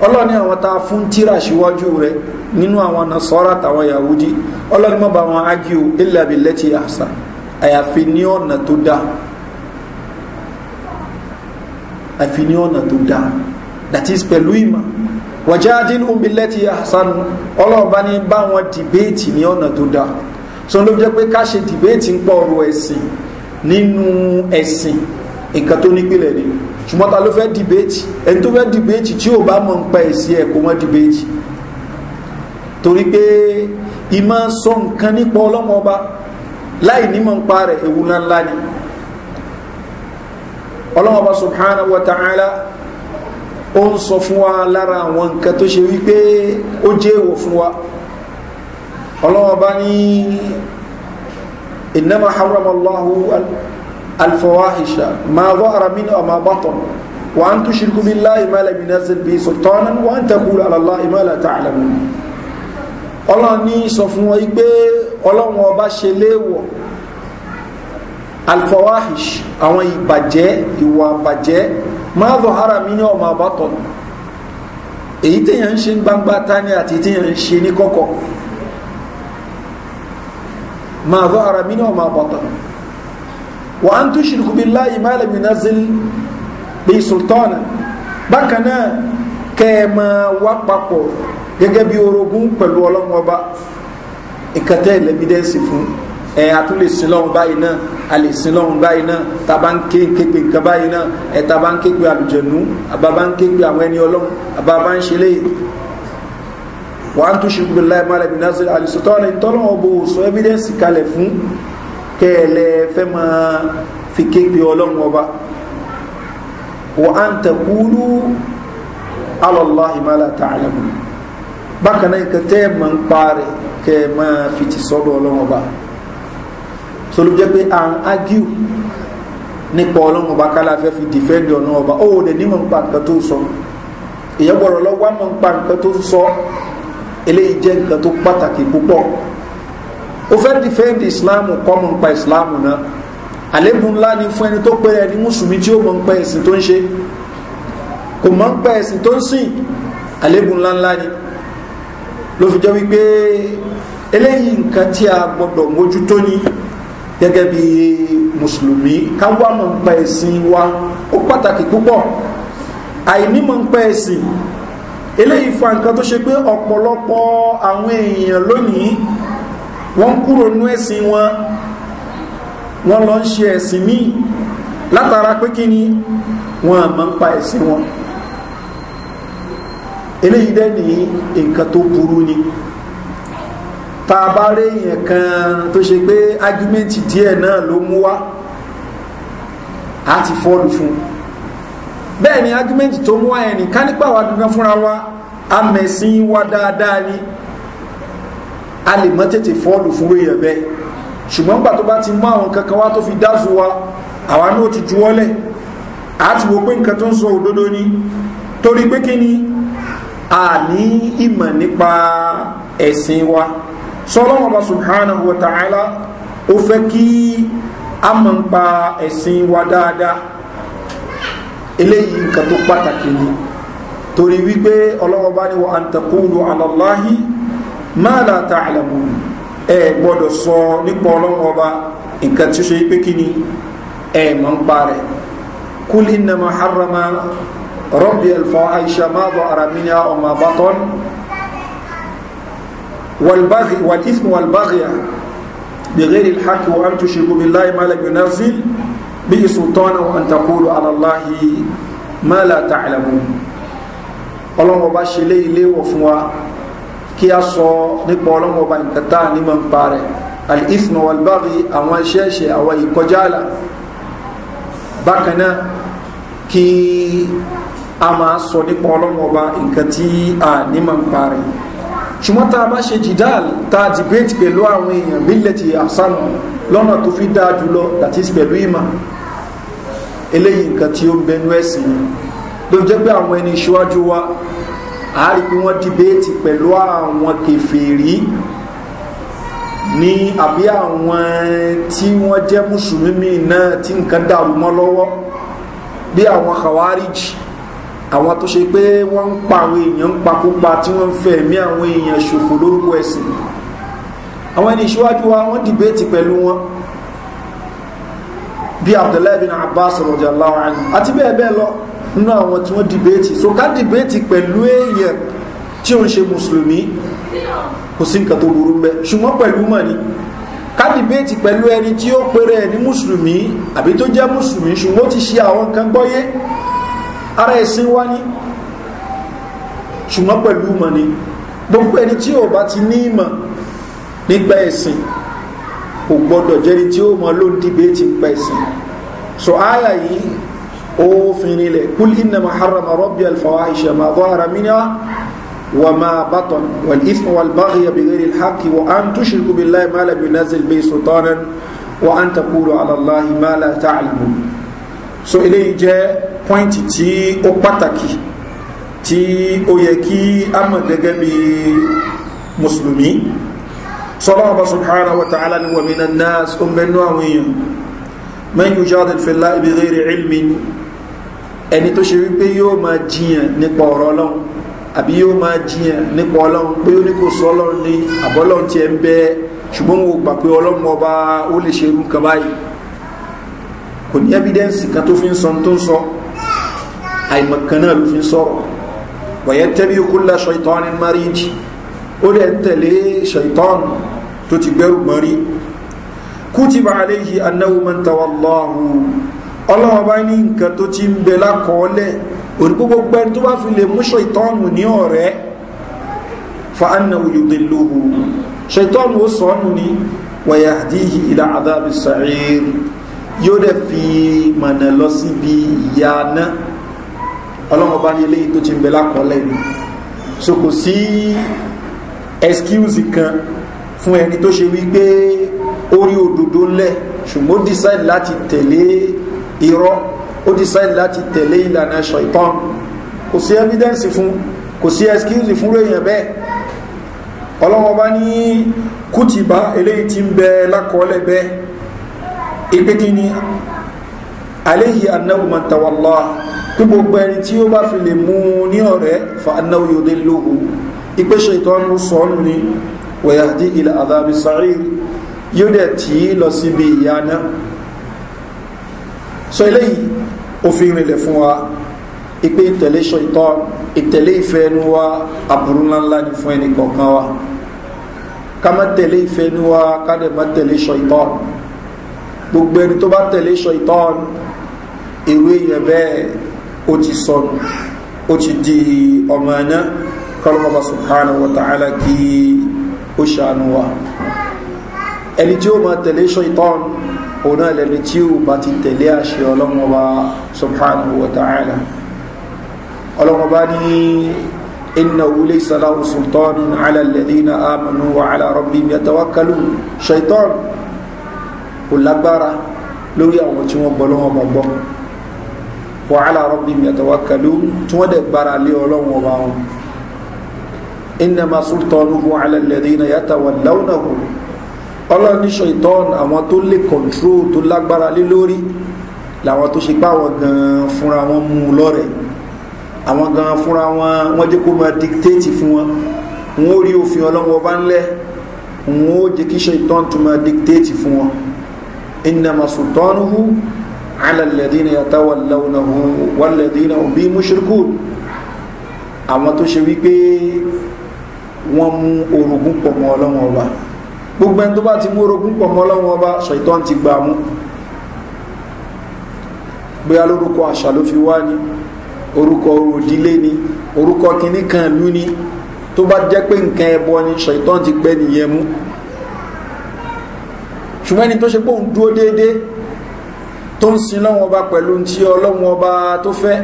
ọlọ́ni àwọn tá a fún tíra síwájú rẹ nínú àwọn nasọ́ra àtàwọn yahudi ọlọ́ni mọ́ bá wọn ágíò illa billati ahsan àyàfi ní ọ̀nà tó dáa àfi ní ọ̀nà tó dáa that is pẹ̀lú ìmọ̀ wàjáàdínú billati ahsan ọlọ́ọ̀bá ní bá wọn dìbéètì ní ọ̀nà tó dáa so ló jẹ́ pé ká ṣe dìbéètì ń pọ̀ ẹ̀sìn nínú ẹ̀sìn nǹkan tó nípìnlẹ̀ ni ṣùgbọ́n ta ló fẹ́ dìbéètì ẹni tó fẹ́ dìbéètì tí ò bá mọ̀ ń pa ẹ̀sìn ẹ̀ kó torí pé ìmọ̀ sọ nǹkan nípa ọlọ́mọba láì nímọ̀ ń pa rẹ̀ ni ọlọ́mọba wa ta'ala ó ń sọ fún wa lára àwọn nǹkan tó ṣe wípé ọlọ́wọ́n bá ní ìnáma haramallahu alfawahisha ma zọ́ ara mínú ọmọ bátọ̀ wa an tushirku billahi ma lam yunzil bi sultanan wa an taqulu ala allahi ma la ta'lamun ọlọ́run ní sọ fún wọn yí pé ọlọ́run ọba ṣe léèwọ̀ alfawahish àwọn ìbàjẹ́ ìwà ìbàjẹ́ ma zọ́ ara mínú ọmọ bátọ̀ èyí téèyàn ń ṣe gbangba tání àti téèyàn ń ṣe ní kọ́kọ́ ما ظهر منه وما بطن وأن تشرك بالله ما لم ينزل به سلطانا بكنا كما وقبقوا gẹ́gẹ́ bí كل pẹ̀lú وبا، ọba ìkẹtẹ́ ìlẹ́bídẹ́ǹsì fún ẹ̀ àtúlẹ̀ sin lọ́run báyìí náà alẹ̀ sin lọ́run báyìí náà tàbá ń ké képe nǹkan báyìí náà ẹ̀ tàbá ń képe àlùjẹ̀nú àbábá ń képe wà á tún ṣe gbogbo láì máa lẹ́bi násìrì àlìsọ́tọ́ rẹ̀ tọ́lọ́ ọ̀bọ̀ sọ evidence kalẹ̀ fún kẹ́ẹ̀lẹ́ fẹ́ máa fi képe ọlọ́run ọba wà á ń tẹ̀kúlú alọ́láhi máa la tààlà mu bákan náà nǹkan tẹ́ ẹ̀ máa ń pa kẹ́ ẹ̀ máa fi ti sọ́dọ̀ ọlọ́run ọba sọlọ́ pé à ń argue nípa ọlọ́run ọba kálá fẹ́ fi defend ọ̀nà ọba ó lè ní mọ̀ nípa nǹkan tó sọ ìyẹ́gbọ̀rọ̀ eléyìí jẹ́ nǹkan tó pàtàkì púpọ̀ ó fẹ́ dìfẹ́ǹdì ìsìláàmù kọ́mù ń pa ìsìláàmù náà àlébù ńlá ni fún ẹni tó péré ẹni mùsùlùmí tí ó mọ̀ ń pa ẹ̀sìn tó ń ṣe kò mọ̀ ń pa ẹ̀sìn tó ń sìn àlébù ńlá ńlá ni ló fi jẹ́ wípé eléyìí nǹkan tí a gbọ́dọ̀ mójútó ni gẹ́gẹ́ bí mùsùlùmí ká mọ̀ ń pa ẹ̀sìn wa ó pàtàkì púpọ̀ àìní mọ̀ ń pa ẹ̀sìn eléyìí fa nǹkan tó ṣe pé ọ̀pọ̀lọpọ̀ àwọn èèyàn lónìí wọ́n kúrò nú ẹ̀sìn wọn wọ́n lọ ń ṣe ẹ̀sìn míì látara pé kí ni wọ́n àmọ́ ń pa ẹ̀sìn wọn eléyìí dẹ́ nǹkan tó burú ni tá bá rí kan tó ṣe pé ágúmẹ́ǹtì díẹ̀ náà ló mú wá á ti fọ́ọ̀lù fún un bẹ́ẹ̀ ni argument tó mú wáyé ni ká nípa wa gangan fúnra wa amẹ̀sìn wa dáadáa ni a lè mọ́ tètè fọ́ọ̀lù fún rẹ̀ yẹn bẹ́ẹ̀ ṣùgbọ́n gbà tó bá ti mú àwọn kankan wá tó fi dáṣù wa àwa náà ti juwọ́lẹ̀ a ti wo pé nǹkan tó ń sọ òdodo ni torí pé kí ni a ní ìmọ̀ nípa ẹ̀sìn wa sọlọ́wọ́n bá subhanahu wa ta'ala ó fẹ́ kí a mọ̀ nípa ẹ̀sìn wa dáadáa eléyìí nǹkan tó pàtàkì ni torí wípé ọlọ́wọ́ bá ní wa an takulu alallahi ma la ta'lamu ẹ gbọ́dọ̀ sọ nípa ọlọ́wọ́ bá nǹkan tí ó ṣe pé kí ni ẹ mọ̀ ń parẹ́ kul innama harrama rabbi al-fawahisha ma dhahara minha wa ma batan والبغي والإثم والبغي بغير الحق وأن تشركوا بالله ما لم ينزل bihi sultanahu an taqulu ala Allahi ma la ta'lamun ọlọ́run ọba ṣe lé ilé wọ̀ fún wa kí a sọ nípa ọlọ́run ọba nǹkan tá a ní máa ń pa rẹ̀ al-ithmu wal-baghi àwọn ṣẹ́ẹ̀ṣẹ̀ àwọn ìkọjáàlà bákan náà kí a máa sọ nípa ọlọ́run ọba nǹkan tí a ní máa ń pa rẹ̀ ṣùgbọ́n tá a bá ṣe jìdáàl tá a dìbẹ́tì pẹ̀lú àwọn èèyàn billati ahsanu lọ́nà tó fi dáa jùlọ that is pẹ̀lú ìmọ̀ eléyìí nǹkan tí ó ń bẹnu ẹ̀sìn ni ló jẹ́ pé àwọn ẹni ìṣíwájú wa àárí pé wọ́n dìbéètì pẹ̀lú àwọn kẹfìrí ní àbí àwọn tí wọ́n jẹ́ mùsùlùmí náà tí nǹkan dàrú mọ́ lọ́wọ́ bí àwọn khawarij àwọn tó ṣe pé wọ́n ń pa àwọn èèyàn ń pakópa tí wọ́n ń fẹ́ ẹ̀mí àwọn èèyàn ṣòfò lórúkọ ẹ̀sìn àwọn ẹni ìṣíwájú wa wọ́n dìbéètì pẹ̀lú wọn bí abdullahi bin abbas radiyallahu anhu àti bẹ́ẹ̀ bẹ́ẹ̀ lọ nínú àwọn tí wọ́n dìbẹ́ẹ̀tì so ká dìbẹ́ẹ̀tì pẹ̀lú èèyàn tí ó ń ṣe mùsùlùmí kò sí nǹkan tó burú mbẹ́ ṣùgbọ́n pẹ̀lú mọ̀ ni ká dìbẹ́ẹ̀tì pẹ̀lú ẹni tí ó péré ẹ̀ ní mùsùlùmí àbí tó jẹ́ mùsùlùmí ṣùgbọ́n ó ti ṣe àwọn nǹkan gbọ́yé ara ẹ̀sìn wá ní ṣùgbọ́n pẹ̀lú mọ̀ ni gbogbo ẹni tí ò bá ti ní ìmọ̀ nígbà ẹ̀sìn kò gbọ́dọ̀ jẹ́rí tí ó mọ ló ń ti ń pa so àyà yìí ó fìrin lẹ̀ kúl innama harrama rabbi alfawahisha ma dhahara minha wa ma batan wal ithma wal baghya bi ghairi alhaqi wa an tushriku billahi ma lam yunazil bihi sultanan wa so eléyìí jẹ́ pọ́ìntì tí ó pàtàkì tí ó yẹ kí a mọ̀ sọlọ́wọ́ bá subhana wa ta'ala ni wàmí na nas ó mẹ́nu àwọn èèyàn mẹ́yìn jáde fìlá ibi rere ilmi ni ẹni tó ṣe wípé yóò máa jiyàn nípa ọ̀rọ̀ ọlọ́run àbí yóò máa jiyàn nípa ọlọ́run pé ó ní kò sọ ọlọ́run ní àbọ́lọ́run ti ẹ̀ ń bẹ́ ṣùgbọ́n wo gbà pé ọlọ́run ọba ó lè ṣe irú nǹkan báyìí kò ní evidence kan tó fi ń sọ tó ń sọ àìmọ̀kan náà ló fi ń sọ̀rọ̀ wọ̀nyẹ́ tẹ́bí kúlẹ̀ ṣọ ìtọ́ni máríjì ó dẹ̀ ń tẹ̀lé ṣaitan tó ti gbẹ́rù mọ́ rí kútìbà aléhi anáwó mọ́ntawàláhù ọlọ́wọ́ bá ní nǹkan tó ti ń bẹ lákọọ́lẹ̀ òníkókó gbẹ́rù tó bá fi lè mú ṣaitan ní ọ̀rẹ́ fa annáwó yòdìlóhù ṣaitan ó sọ́nù ní wàyàdíhì ilá àdábi sàír yóò dẹ̀ fi mọ̀nà lọ síbi ìyá náà ọlọ́wọ́ ní eléyìí tó ti ń bẹ lákọọ́lẹ̀ ni so kò sí excuse kan fún ẹni tó ṣe wípé ó rí òdodo ńlẹ̀ ṣùgbọ́n ó decide láti tẹ̀lé irọ́ ó decide láti tẹ̀lé ìlànà ṣọ̀ìtàn kò sí evidence fún kò sí excuse fún èèyàn bẹ́ẹ̀ ọlọ́wọ́ bá ní kútìbá eléyìí ti ń bẹ lákọọ́lẹ̀ bẹ́ẹ̀ ìpínlẹ̀ ni aléhì anáwò ma tàwàlá pípò gbẹ̀rin tí ó bá fi lè mú ní ọ̀rẹ́ fa anáwò ipe ṣètọ́nù sọ́nù ni wẹ̀yàdí ilẹ̀ àdábi sàárìr yóò dẹ̀ tí lọ síbi ìyá náà sọ eléyìí òfin rìnlẹ̀ fún wa ipe ìtẹ̀lé ṣètọ́ ìtẹ̀lé ìfẹ́ ẹnu wa àbúrú ńláńlá ni fún ẹnì kọ̀ọ̀kan wa ká má tẹ̀lé ìfẹ́ ẹnu wa ká dẹ̀ má tẹ̀lé ṣètọ́ gbogbo ẹni tó bá tẹ̀lé ṣètọ́ ìwé yẹn ó ti sọnù ó ti di ọmọ ẹ̀ kọlọmọba subhanahu wa ta'ala kí ó ṣàánú wa ẹni tí ó máa tẹ̀lé ṣọ́ìtọ́n òun náà lẹni tí ó bá ti tẹ̀lé àṣẹ ọlọ́mọba subhanahu wa ta'ala ọlọ́mọba ní innahu laysa lahu sultanun ala alladhina amanu wa ala rabbihim yatawakkalun ṣọ́ìtọ́n kò lágbára lórí àwọn tí wọ́n gbọ́ lọ́wọ́ gbọ́ wa ala rabbihim yatawakkalun tí wọ́n dẹ̀ gbára lé ọlọ́wọ́ ọba wọn innama sultanuhu ala alladhina yatawallawnahu ọlọ́run ní ṣètọ́n àwọn tó lè kọ̀ntró tó lágbára lé lórí làwọn tó ṣe pá àwọn gan fúnra wọn mú un lọ́rẹ̀ àwọn gan fúnra wọn wọ́n jẹ́ kó máa dictate fún wọn wọn ó rí òfin ọlọ́wọ́ bá ń lẹ́ wọn ó jẹ́ kí ṣètọ́n tó máa dictate fún wọn innama sultanuhu ala alladhina yatawallawnahu walladhina hum bihi mushrikun àwọn tó ṣe wípé wọ́n mú orogún pọ̀ mọ́ ọlọ́wọ́n ọba gbogbo ẹni tó bá ti mú orogún pọ̀ mọ́ ọlọ́wọ́n ọba ṣètọ́n ti gbà mú bóyá lórúkọ àṣà ló fi wá ni orúkọ òdílé ni orúkọ kìíní kan lú ni tó bá jẹ́ pé nǹkan ẹbọ ni ṣètọ́n ti gbẹ́ nìyẹn mú ṣùgbọ́n ẹni tó ṣe pé òun dúró tó ń sin lọ́wọ́n ọba pẹ̀lú tí ọlọ́wọ́n ọba tó fẹ́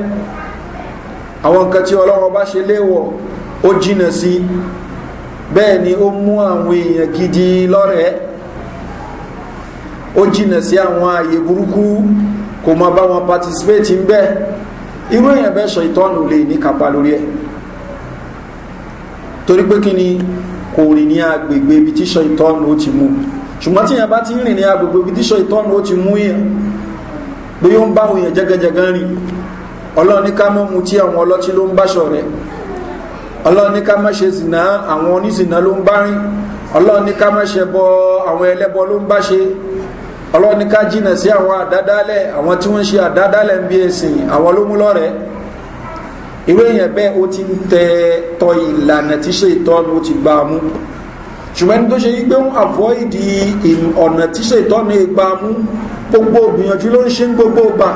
àwọn nǹkan tí ọlọ́wọ́n ọba ṣe léwọ̀ ó jìnà sí bẹ́ẹ̀ ni ó mú àwọn èèyàn gidi lọ́rẹ̀ẹ́ ó jìnà sí àwọn ààyè burúkú kò mọ bá wọn patisipéètì ń bẹ́ irú èèyàn bẹ́ sọ ìtọ́nù lè ní kapa lórí ẹ̀ torí pé kí ni kò rìn ní agbègbè ibi tíṣọ ìtọ́nù ó ti mú ṣùgbọ́n tí bá ti ń rìn ní agbègbè ibi tíṣọ ìtọ́nù ó ti mú èèyàn pé ó ń bá àwọn jẹ́gẹ́jẹ́gẹ́ rìn ọlọ́ọ̀ni ká mọ́ mu tí àwọn ọlọ́tí ló ń báṣọ rẹ̀ ọlọ́run ní ká má ṣe zìnà àwọn onízìnà ló ń bá rìn ọlọ́run ní ká má ṣe bọ àwọn ẹlẹ́bọ ló ń bá ṣe ọlọ́run ní ká jìnà sí àwọn àdádálẹ̀ àwọn tí wọ́n ṣe àdádálẹ̀ ń bí ẹ̀sìn àwọn ló mú lọ́rẹ̀ẹ́ irú èèyàn bẹ́ẹ̀ ó ti tẹ tọ ìlànà tí ṣe ìtọ́nu ó ti gbá mú ṣùgbọ́n ní tó ṣe yí pé ń avoid ọ̀nà tí ṣe ìtọ́nu ìgbà mú gbogbo ògbìyànjú ló ń ṣe ń gbogbo gbà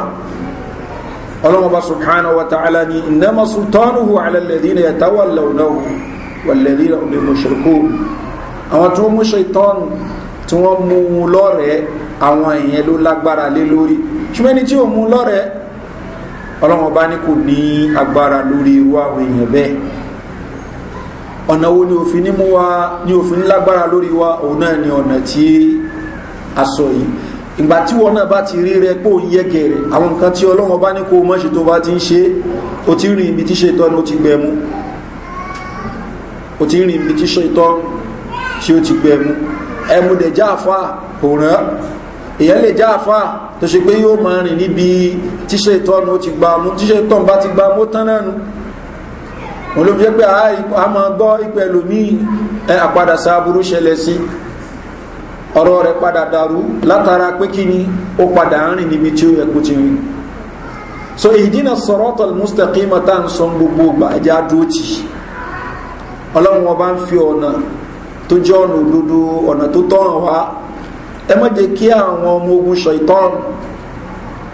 ọlọ́mọba subhanahu wa ta'ala ni innama sultanuhu ala alladhina yatawallawnahu walladhina hum mushrikun àwọn tí wọ́n mú ṣaitán tí wọ́n mú lọ́rẹ̀ẹ́ àwọn èèyàn ló lágbára lé lórí ṣùgbọ́n ẹni tí ò mú lọ́rẹ̀ẹ́ ọlọ́mọba ní kò ní agbára lórí irú àwọn èèyàn bẹ́ẹ̀ ọ̀nà ìgbà tí wọn náà bá ti rí rẹ pé ó yẹ gẹ̀rẹ̀ àwọn nǹkan tí ọlọ́wọ́n bá ní kó o mọ̀ ṣe tó bá ti ń ṣe o ti rìn ibi tí ṣe tọ́ ni o ti gbẹ mú o ti rìn ibi tí ṣe tọ́ tí o ti gbẹ ẹmu dẹ̀ já àfa kò rán èyàn lè já àfa tó ṣe pé yóò máa rìn níbi tí ṣe tọ́ ni o ti gbà mú tí ṣe tọ́ bá ti gbà mú tán náà nu òun ló fi jẹ́ pé a gbọ́ ìpẹ́ lòmíì àpadà sáà ṣẹlẹ̀ sí i ọ̀rọ̀ rẹ̀ padà dàrú látara pé kí ni ó padà ń rìn níbi tí ó yẹ kó ti rìn so ìdínà sọ̀rọ̀tọ̀ mustaqima tá à ń sọ gbogbo ìgbà ẹ̀jẹ̀ adóòtì ọlọ́run ọba ń fi ọ̀nà tó jẹ́ ọ̀nà òdodo ọ̀nà tó tọ́ràn wá ẹ má jẹ́ kí àwọn ọmọ ogun sọ ìtọ́rùn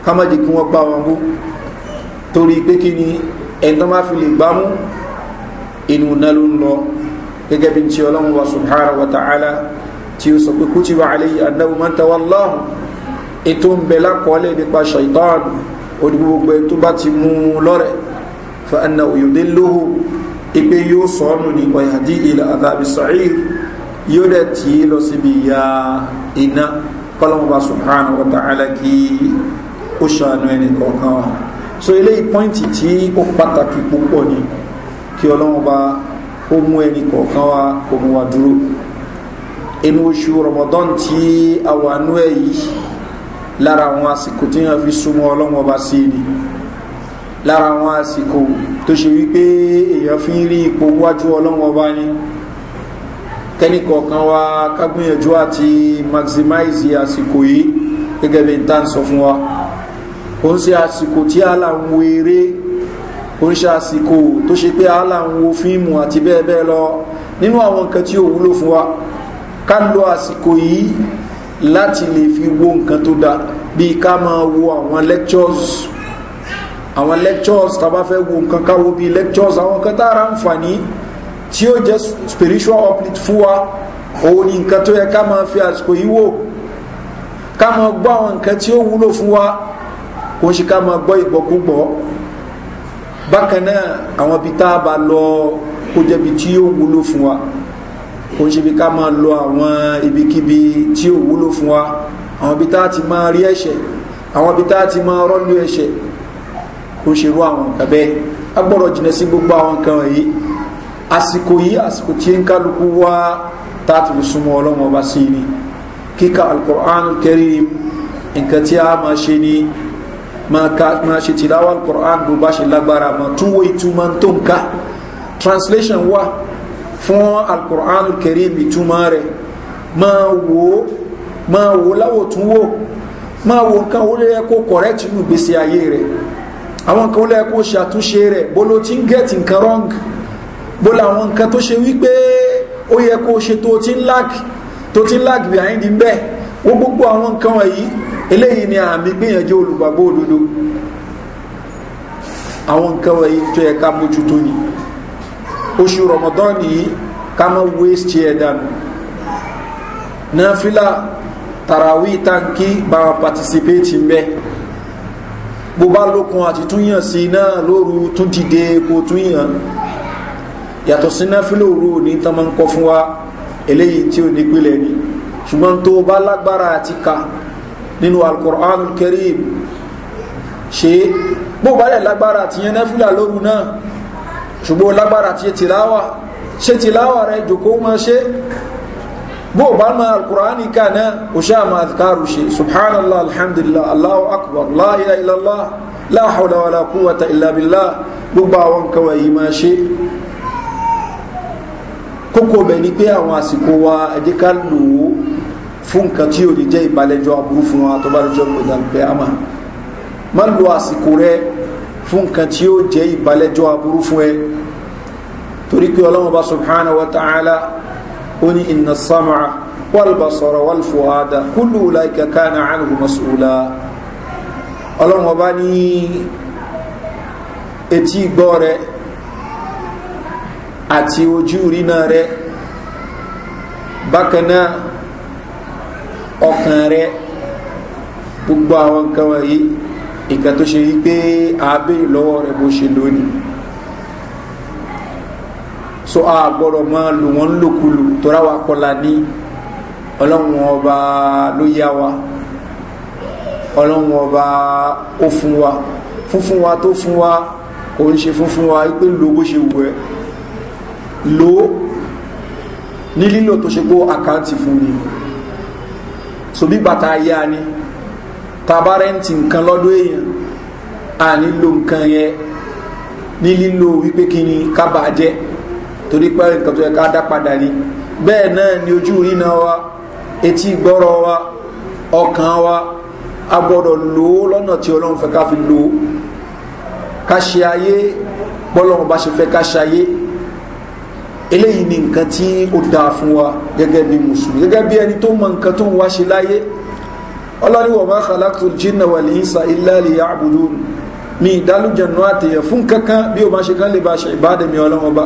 ká má jẹ́ kí wọ́n gbá wọn mú torí pé kí ni ẹ̀ńtọ́ má fi lè gbá mú inú náà ló ń lọ gẹ́gẹ́ bí ti ọlọ́run wa subhanahu wa ta'ala tí ó sọ pé kútìwà àlẹ́yìn anáwó máa ń tẹwà lọ́hùn ètò ń bẹ lákọọ́lẹ̀ nípa ṣàìtọ́ọ̀nù onígbogbo ẹ̀ tó bá ti mú un lọ́rẹ̀ fa anna òyòdé lóhù ipe yóò sọnù ní ọ̀yàdí ilẹ̀ àdàbí sàír yóò dẹ̀ tì í lọ síbi ìyá iná kọ́lọ́mọba subhana wa ta'ala kí ó ṣàánú ẹnì kọ̀ọ̀kan wa so eléyìí pọ́ìntì tí ó pàtàkì púpọ̀ ni kí ọlọ́mọba ó mú ẹnì kọ̀ọ̀kan wa kò mú wa dúró inú oṣù ramadan tí àwọn àánú ẹ̀ yìí lára àwọn àsìkò tí wọ́n fi súnmọ́ ọlọ́wọ́n ọba sí ni lára àwọn àsìkò tó ṣe wípé èèyàn fi rí ipò wájú ọlọ́wọ́n ọba ni kẹ́nìkọ̀ọ̀kan wa kágbìyànjú àti maximize àsìkò yìí gẹ́gẹ́ bí n tá ń sọ fún wa ó ń ṣe àsìkò tí àlà ń wo eré ó ń ṣe àsìkò tó ṣe pé àlà ń wo fíìmù àti bẹ́ẹ̀ bẹ́ẹ̀ lọ nínú àwọn nǹkan tí ò wúlò fún wa ká lo àsìkò yìí láti lè fi wo nǹkan tó dáa bíi ká máa wo àwọn lectures àwọn lectures tá fẹ́ wo nǹkan ká bíi lectures àwọn nǹkan tá a ra tí ó jẹ́ spiritual uplift fún wa òun ni nǹkan tó yẹ ká máa fi àsìkò yìí wò ká máa gbọ́ àwọn nǹkan tí ó wúlò fún wa kò ń ṣe ká máa gbọ́ ìgbọ́kúgbọ́ bákan náà àwọn ibi tá a bá lọ kó jẹ́bi tí yóò wúlò fún wa kò ń ṣe bí ká máa lọ àwọn ibikíbi tí ò wúlò fún wa àwọn ibi tá a ti máa rí ẹ̀ṣẹ̀ àwọn ibi tá a ti máa rọ́lú ẹ̀ṣẹ̀ kò ń ṣerú àwọn nǹkan bẹ́ẹ̀ a gbọ́dọ̀ jìnà sí gbogbo àwọn nǹkan yìí àsìkò yìí àsìkò tí ń kálukú wá tá a ti fi súnmọ́ ọlọ́mọ ọba sí ni kíka alukur'an kẹrin nǹkan tí a máa ṣe ni máa ṣe tìláwà alukur'an bó bá ṣe lágbára máa túwò ìtumọ̀ tó ń translation wa fún alukur'an kẹrin ìtumọ̀ ma wo ma ó máa wò ó láwò tún wò máa wò nǹkan ó lẹ́yẹ kó kọ̀rẹ́tì nù gbèsè ayé rẹ̀ àwọn nǹkan ó lẹ́yẹ kó ṣe àtúnṣe rẹ̀ bó ló ti ń gẹ̀tì nǹkan wrong bó làwọn nǹkan tó ṣe wípé ó yẹ kó ṣe tó ti ń láàkì tó ti ń láàkì behind ń bẹ́ẹ̀ wọ́n gbogbo àwọn nǹkan wọ̀nyí eléyìí ni àmì gbìyànjú olùgbàgbọ́ òdodo àwọn nǹkan wọ̀nyí tó yẹ ká mójútó ni oṣù ramadan yìí ká má waste ẹ̀ dànù náfìlà tàràwí tanki bá wa participate ń bẹ́ bó bá lókun àti túnyàn sí náà lóru tún dìde kó túnyàn yàtọ̀ sí náfìlà òru òní tán máa ń kọ́ fún wa eléyìí tí ó nípìnlẹ̀ ni ṣùgbọ́n tó bá lágbára àti ka nínú alukur'an kẹrìm ṣe bó bá lágbára àti yẹn náfìlà lóru náà ṣùgbọ́n lágbára ti tìláwà ṣe tìláwà rẹ jòkó máa ṣe bó bá ma alkùránì ká náà ó ṣáà máa kárù ṣe subhanallah alhamdulillah allahu akbar la ilaha illallah la hawla wala quwwata illa billah gbogbo àwọn kawai yìí máa ṣe kókó bẹ̀ ni pé àwọn àsìkò wa ẹ̀jẹ̀ ká lò ó fún nǹkan tí ò jẹ́ ìbálẹ́jọ́ aburú fún wa tó bá lọ́jọ́ pé dàgbé àmà má lo àsìkò rẹ̀ fún nǹkan tí ó jẹ́ ìbálẹ́jọ́ aburú fún ẹ torí pé ọlọ́mọba subhanahu wa ta'ala ó ní iná sámàá wàlbàsọ̀rọ̀ wàlfọ̀hádà kúlù láìka káàna àánú masúlá ọlọ́mọba ní etí gbọ́ rẹ àti ojú rínà rẹ bákan ọkàn rẹ gbogbo àwọn nǹkan wọ̀nyí nǹkan tó ṣe yí pé abéèrè lọ́wọ́ rẹ̀ bó ṣe lónìí so a gbọ́dọ̀ máa lò wọ́n lòkulù tọ́ra wa kọ́la ní ọlọ́run ọba ló yá wa ọlọ́run ọba ó fún wa fúnfún wa tó fún wa kò ń ṣe fúnfún wa pé lo bó ṣe wù ẹ́ lò ní lílò tó ṣe pé àkáǹtì fún ni so bí bàtà yá ni. So, tabarẹ́ǹtì nǹkan lọ́dọ̀ èèyàn a nílò nǹkan yẹn ní lílo wípé kí ni ká jẹ́ torí pé nǹkan tó yẹ ká dá ni bẹ́ẹ̀ náà ni ojú rína wa etí gbọ́rọ̀ wa ọkàn wa a gbọ́dọ̀ lò ó lọ́nà tí ọlọ́run fẹ́ ká fi lò ó ká ṣe ayé bọ́lọ́run bá ṣe fẹ́ ká ṣe ayé eléyìí ni nǹkan tí ó dáa fún wa gẹ́gẹ́ bí mùsùlùmí gẹ́gẹ́ bí ẹni tó mọ nǹkan tó ń wá ṣe láyé ọlọ́niwọ̀ máa kàlákùtù jìnnà wà lè sa ilá lè yá àbúdú mi ìdálùjẹ̀nù àtẹ̀yẹ̀ fún kankan bí o máa ṣe kán lè bá ṣe ìbádẹ̀mí ọlọ́wọ́n bá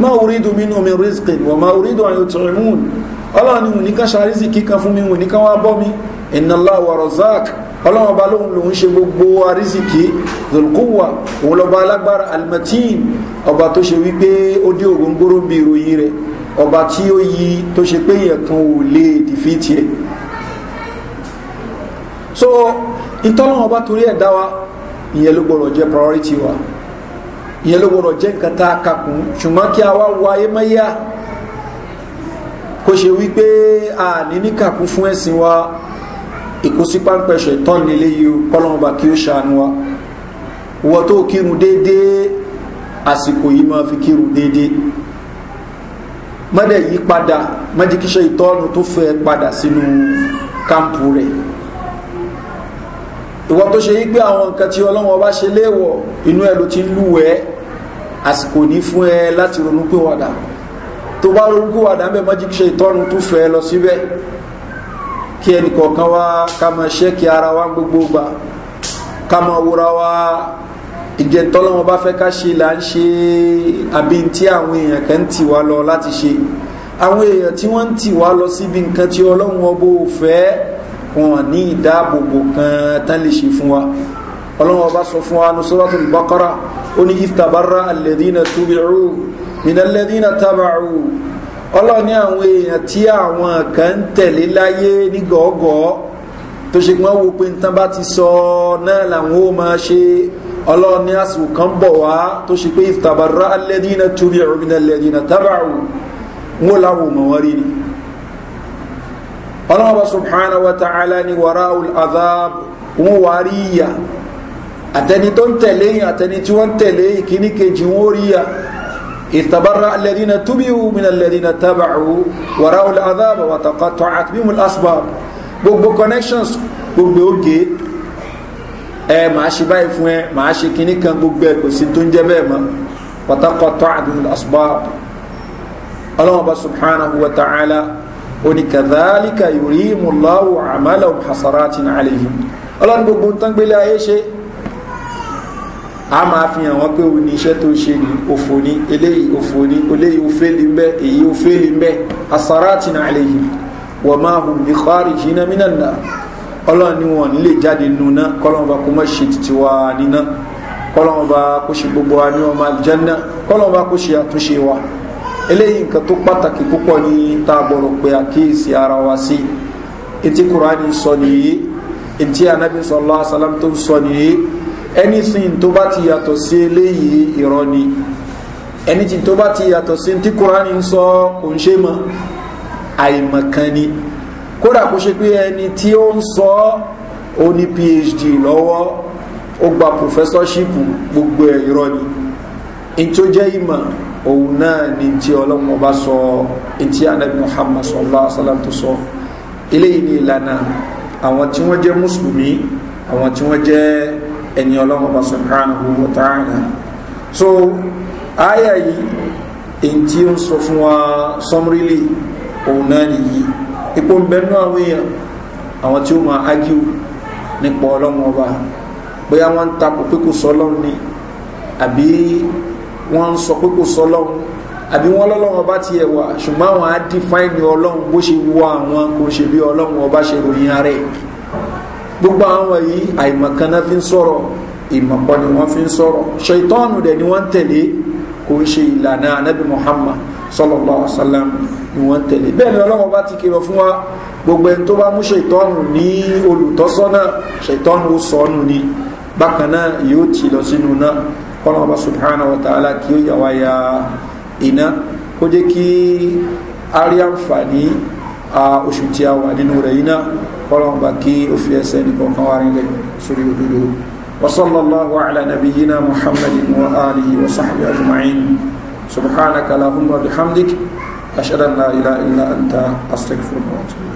ma orídùn mínú mi rizqin wà ma orídùn àyò tìrìmún ọlọ́niwò ní ká ṣàrísì kíkan fún mi wò ní ká wá bọ́ mi ìnàlá wà rozak ọlọ́wọ́n bá lóhun so ìtọ́lọ́wọ́n bá torí ẹ̀ dá wa ìyẹn ló gbọ́dọ̀ jẹ́ priority wa ìyẹn ló gbọ́dọ̀ jẹ́ nǹkan tá a kakùn ṣùgbọ́n kí a wá wo ayé mẹ́yà kó ṣe wípé a ní ní kakùn fún ẹ̀sìn wa ìkúsí páńpẹ̀ṣẹ̀ tọ́ni eléyìí kọ́lọ́wọ́n bá kí ó ṣàánú wa wọ́n tó kírun déédéé àsìkò yìí máa fi kírun déédéé mọ́dẹ̀ yí padà mọ́díkíṣẹ́ ìtọ́nu tó fẹ́ padà sínú kámpù rẹ̀ ìwọ tó ṣe yí pé àwọn nǹkan tí ọlọ́wọ́n bá ṣe léèwọ̀ inú ẹ ló ti ń lúwẹ̀ẹ́ àsìkò ní fún ẹ láti ronú pé wàdà tó bá ronú pé wàdà ń bẹ ṣe ìtọ́nu tún fẹ́ lọ síbẹ̀ kí ẹnìkọ̀ọ̀kan wá ká mọ iṣẹ́ kí ara wa gbogbo gbà ká mọ wúra wa ìjẹ tọ́lọ́wọ́n bá fẹ́ ká ṣe là ń ṣe àbí tí àwọn èèyàn kan ń tì wá lọ láti ṣe àwọn èèyàn tí wọ́n ń tì wá lọ síbi nǹkan tí ọlọ́run ọbọ̀ fẹ́ẹ́ wọn ní ìdáàbòbò kan tán lè ṣe fún wa ọlọ́run ọba sọ fún wa ní sọ́rọ́tò bọ́kọ́rà ó ní ìtàbára alẹ́dínà túbìrú nínàlẹ́dínà tábàrú ọlọ́run ní àwọn èèyàn tí àwọn kan ń tẹ̀lé láyé ní gọ́ọ̀gọ́ tó ṣe pọ́n wo pé nǹkan bá ti sọ náà làwọn ó máa ṣe ọlọ́run àsìkò kan bọ̀ wá tó ṣe pé ìtàbára alẹ́dínà túbìrú nínàlẹ́dínà tábàrú wọn làwọn ò mọ̀ wọ́n rí ni ọlọ́mọba subhana wa ta'ala ni waraul azab wọn wà rí ìyà àtẹni tó ń tẹ̀lé yìí àtẹni tí wọ́n tẹ̀lé ìkíní kejì wọn rí ìyà ìtàbára alẹ́dínà túbíwú min alẹ́dínà tábàáwú waraul azab wa taqatta atbimul asbab gbogbo connections gbogbo oge ẹ màá ṣe báyìí fún ẹ màá ṣe kíní kan gbogbo ẹ kò sí tó ń jẹ bẹ́ẹ̀ mọ́ wa taqatta atbimul asbab ọlọ́mọba subhana wa ta'ala oni kadhalika yurimu llahu amalahum hasaratin alayhim ọlọ́run gbogbo ń tán gbélé ayé ṣe a máa fi hàn wọ́n pé o ní iṣẹ́ tó ṣe ní òfò ní eléyìí òfò ní eléyìí òfèlè ń bẹ́ èyí òfèlè ń bẹ́ hasaratin alayhim wa ma hum bi kharijina minan nar ọlọ́run ni wọn lè jáde nuna kọ́lọ́run bá kó mọ̀ ṣe títí wa nínà kọ́lọ́run bá kó ṣe gbogbo wa ní ọmọ aljanna kọ́lọ́run bá kó ṣe àtúnṣe wa eléyìí nǹkan tó pàtàkì púpọ̀ ní tá a gbọ́dọ̀ pé àkíyèsí ara wa sí etí kùránì sọ nìyí etí anabi sọlá asalam tó sọ nìyí anything tó bá ti yàtọ̀ sí eléyìí ìrọ́ ni anything tó bá ti yàtọ̀ sí tí kùránì ń sọ kò ń ṣe mọ́ àìmọ̀kan ni kódà kó ṣe pé ẹni tí ó ń sọ ó ní phd lọ́wọ́ ó gba professorship gbogbo ẹ̀ ìrọ́ ni n ìmọ̀ òun náà ni tí ọlọ́run ọba sọ etí anabi muhammad sallallahu alaihi wa sallam tó sọ eléyìí ni ìlànà àwọn tí wọ́n jẹ́ mùsùlùmí àwọn tí wọ́n jẹ́ ẹni ọlọ́run ọba subhanahu wa ta'ala so aya yìí èyí tí ó ń sọ fún wa sọmrílì òun náà nìyí ipò ń bẹnu àwọn èèyàn àwọn tí ó máa ágíw nípa ọlọ́run ọba bóyá wọ́n ń takò pé kò sọ ọlọ́run ni àbí wọ́n ń sọ pé kò sọ lọ́hùn àbí wọ́n lọ́lọ́wọ́ bá ti ẹ̀wà ṣùgbọ́n àwọn á dífáìnì ọlọ́hùn bó ṣe wọ àwọn kò ṣe bí ọlọ́hùn ọba ṣe ròyìn ara ẹ̀ gbogbo àwọn yìí àìmọ̀kaná fi ń sọ̀rọ̀ ìmọ̀pọ̀ ni wọ́n fi ń sọ̀rọ̀ ṣètọ́nù dẹ̀ ni wọ́n tẹ̀lé kò ń ṣe ìlànà anábì muhammad sọlọ́lá ọ̀sálàm ni wọ́n tẹ̀lé bẹ́ẹ̀ ni ọlọ́wọ́ bá ti kìlọ̀ fún wa gbogbo ẹni tó bá mú ṣètọ́nù ní olùtọ́sọ́nà ṣètọ́nù sọnù ni bákan náà yóò ti lọ sínú náà kọ́nà ọba subhanahu wa ta'ala kí ó yà wá ya iná kó jẹ́ kí a rí àǹfààní oṣù tí a wà nínú rẹ̀ iná kọ́nà ọba kí ó fi ẹsẹ̀ nìkan kan wá rinlẹ̀ sórí òdodo وصلى الله على نبينا محمد وآله وصحبه أجمعين سبحانك اللهم وبحمدك أشهد أن لا إله إلا أنت أستغفرك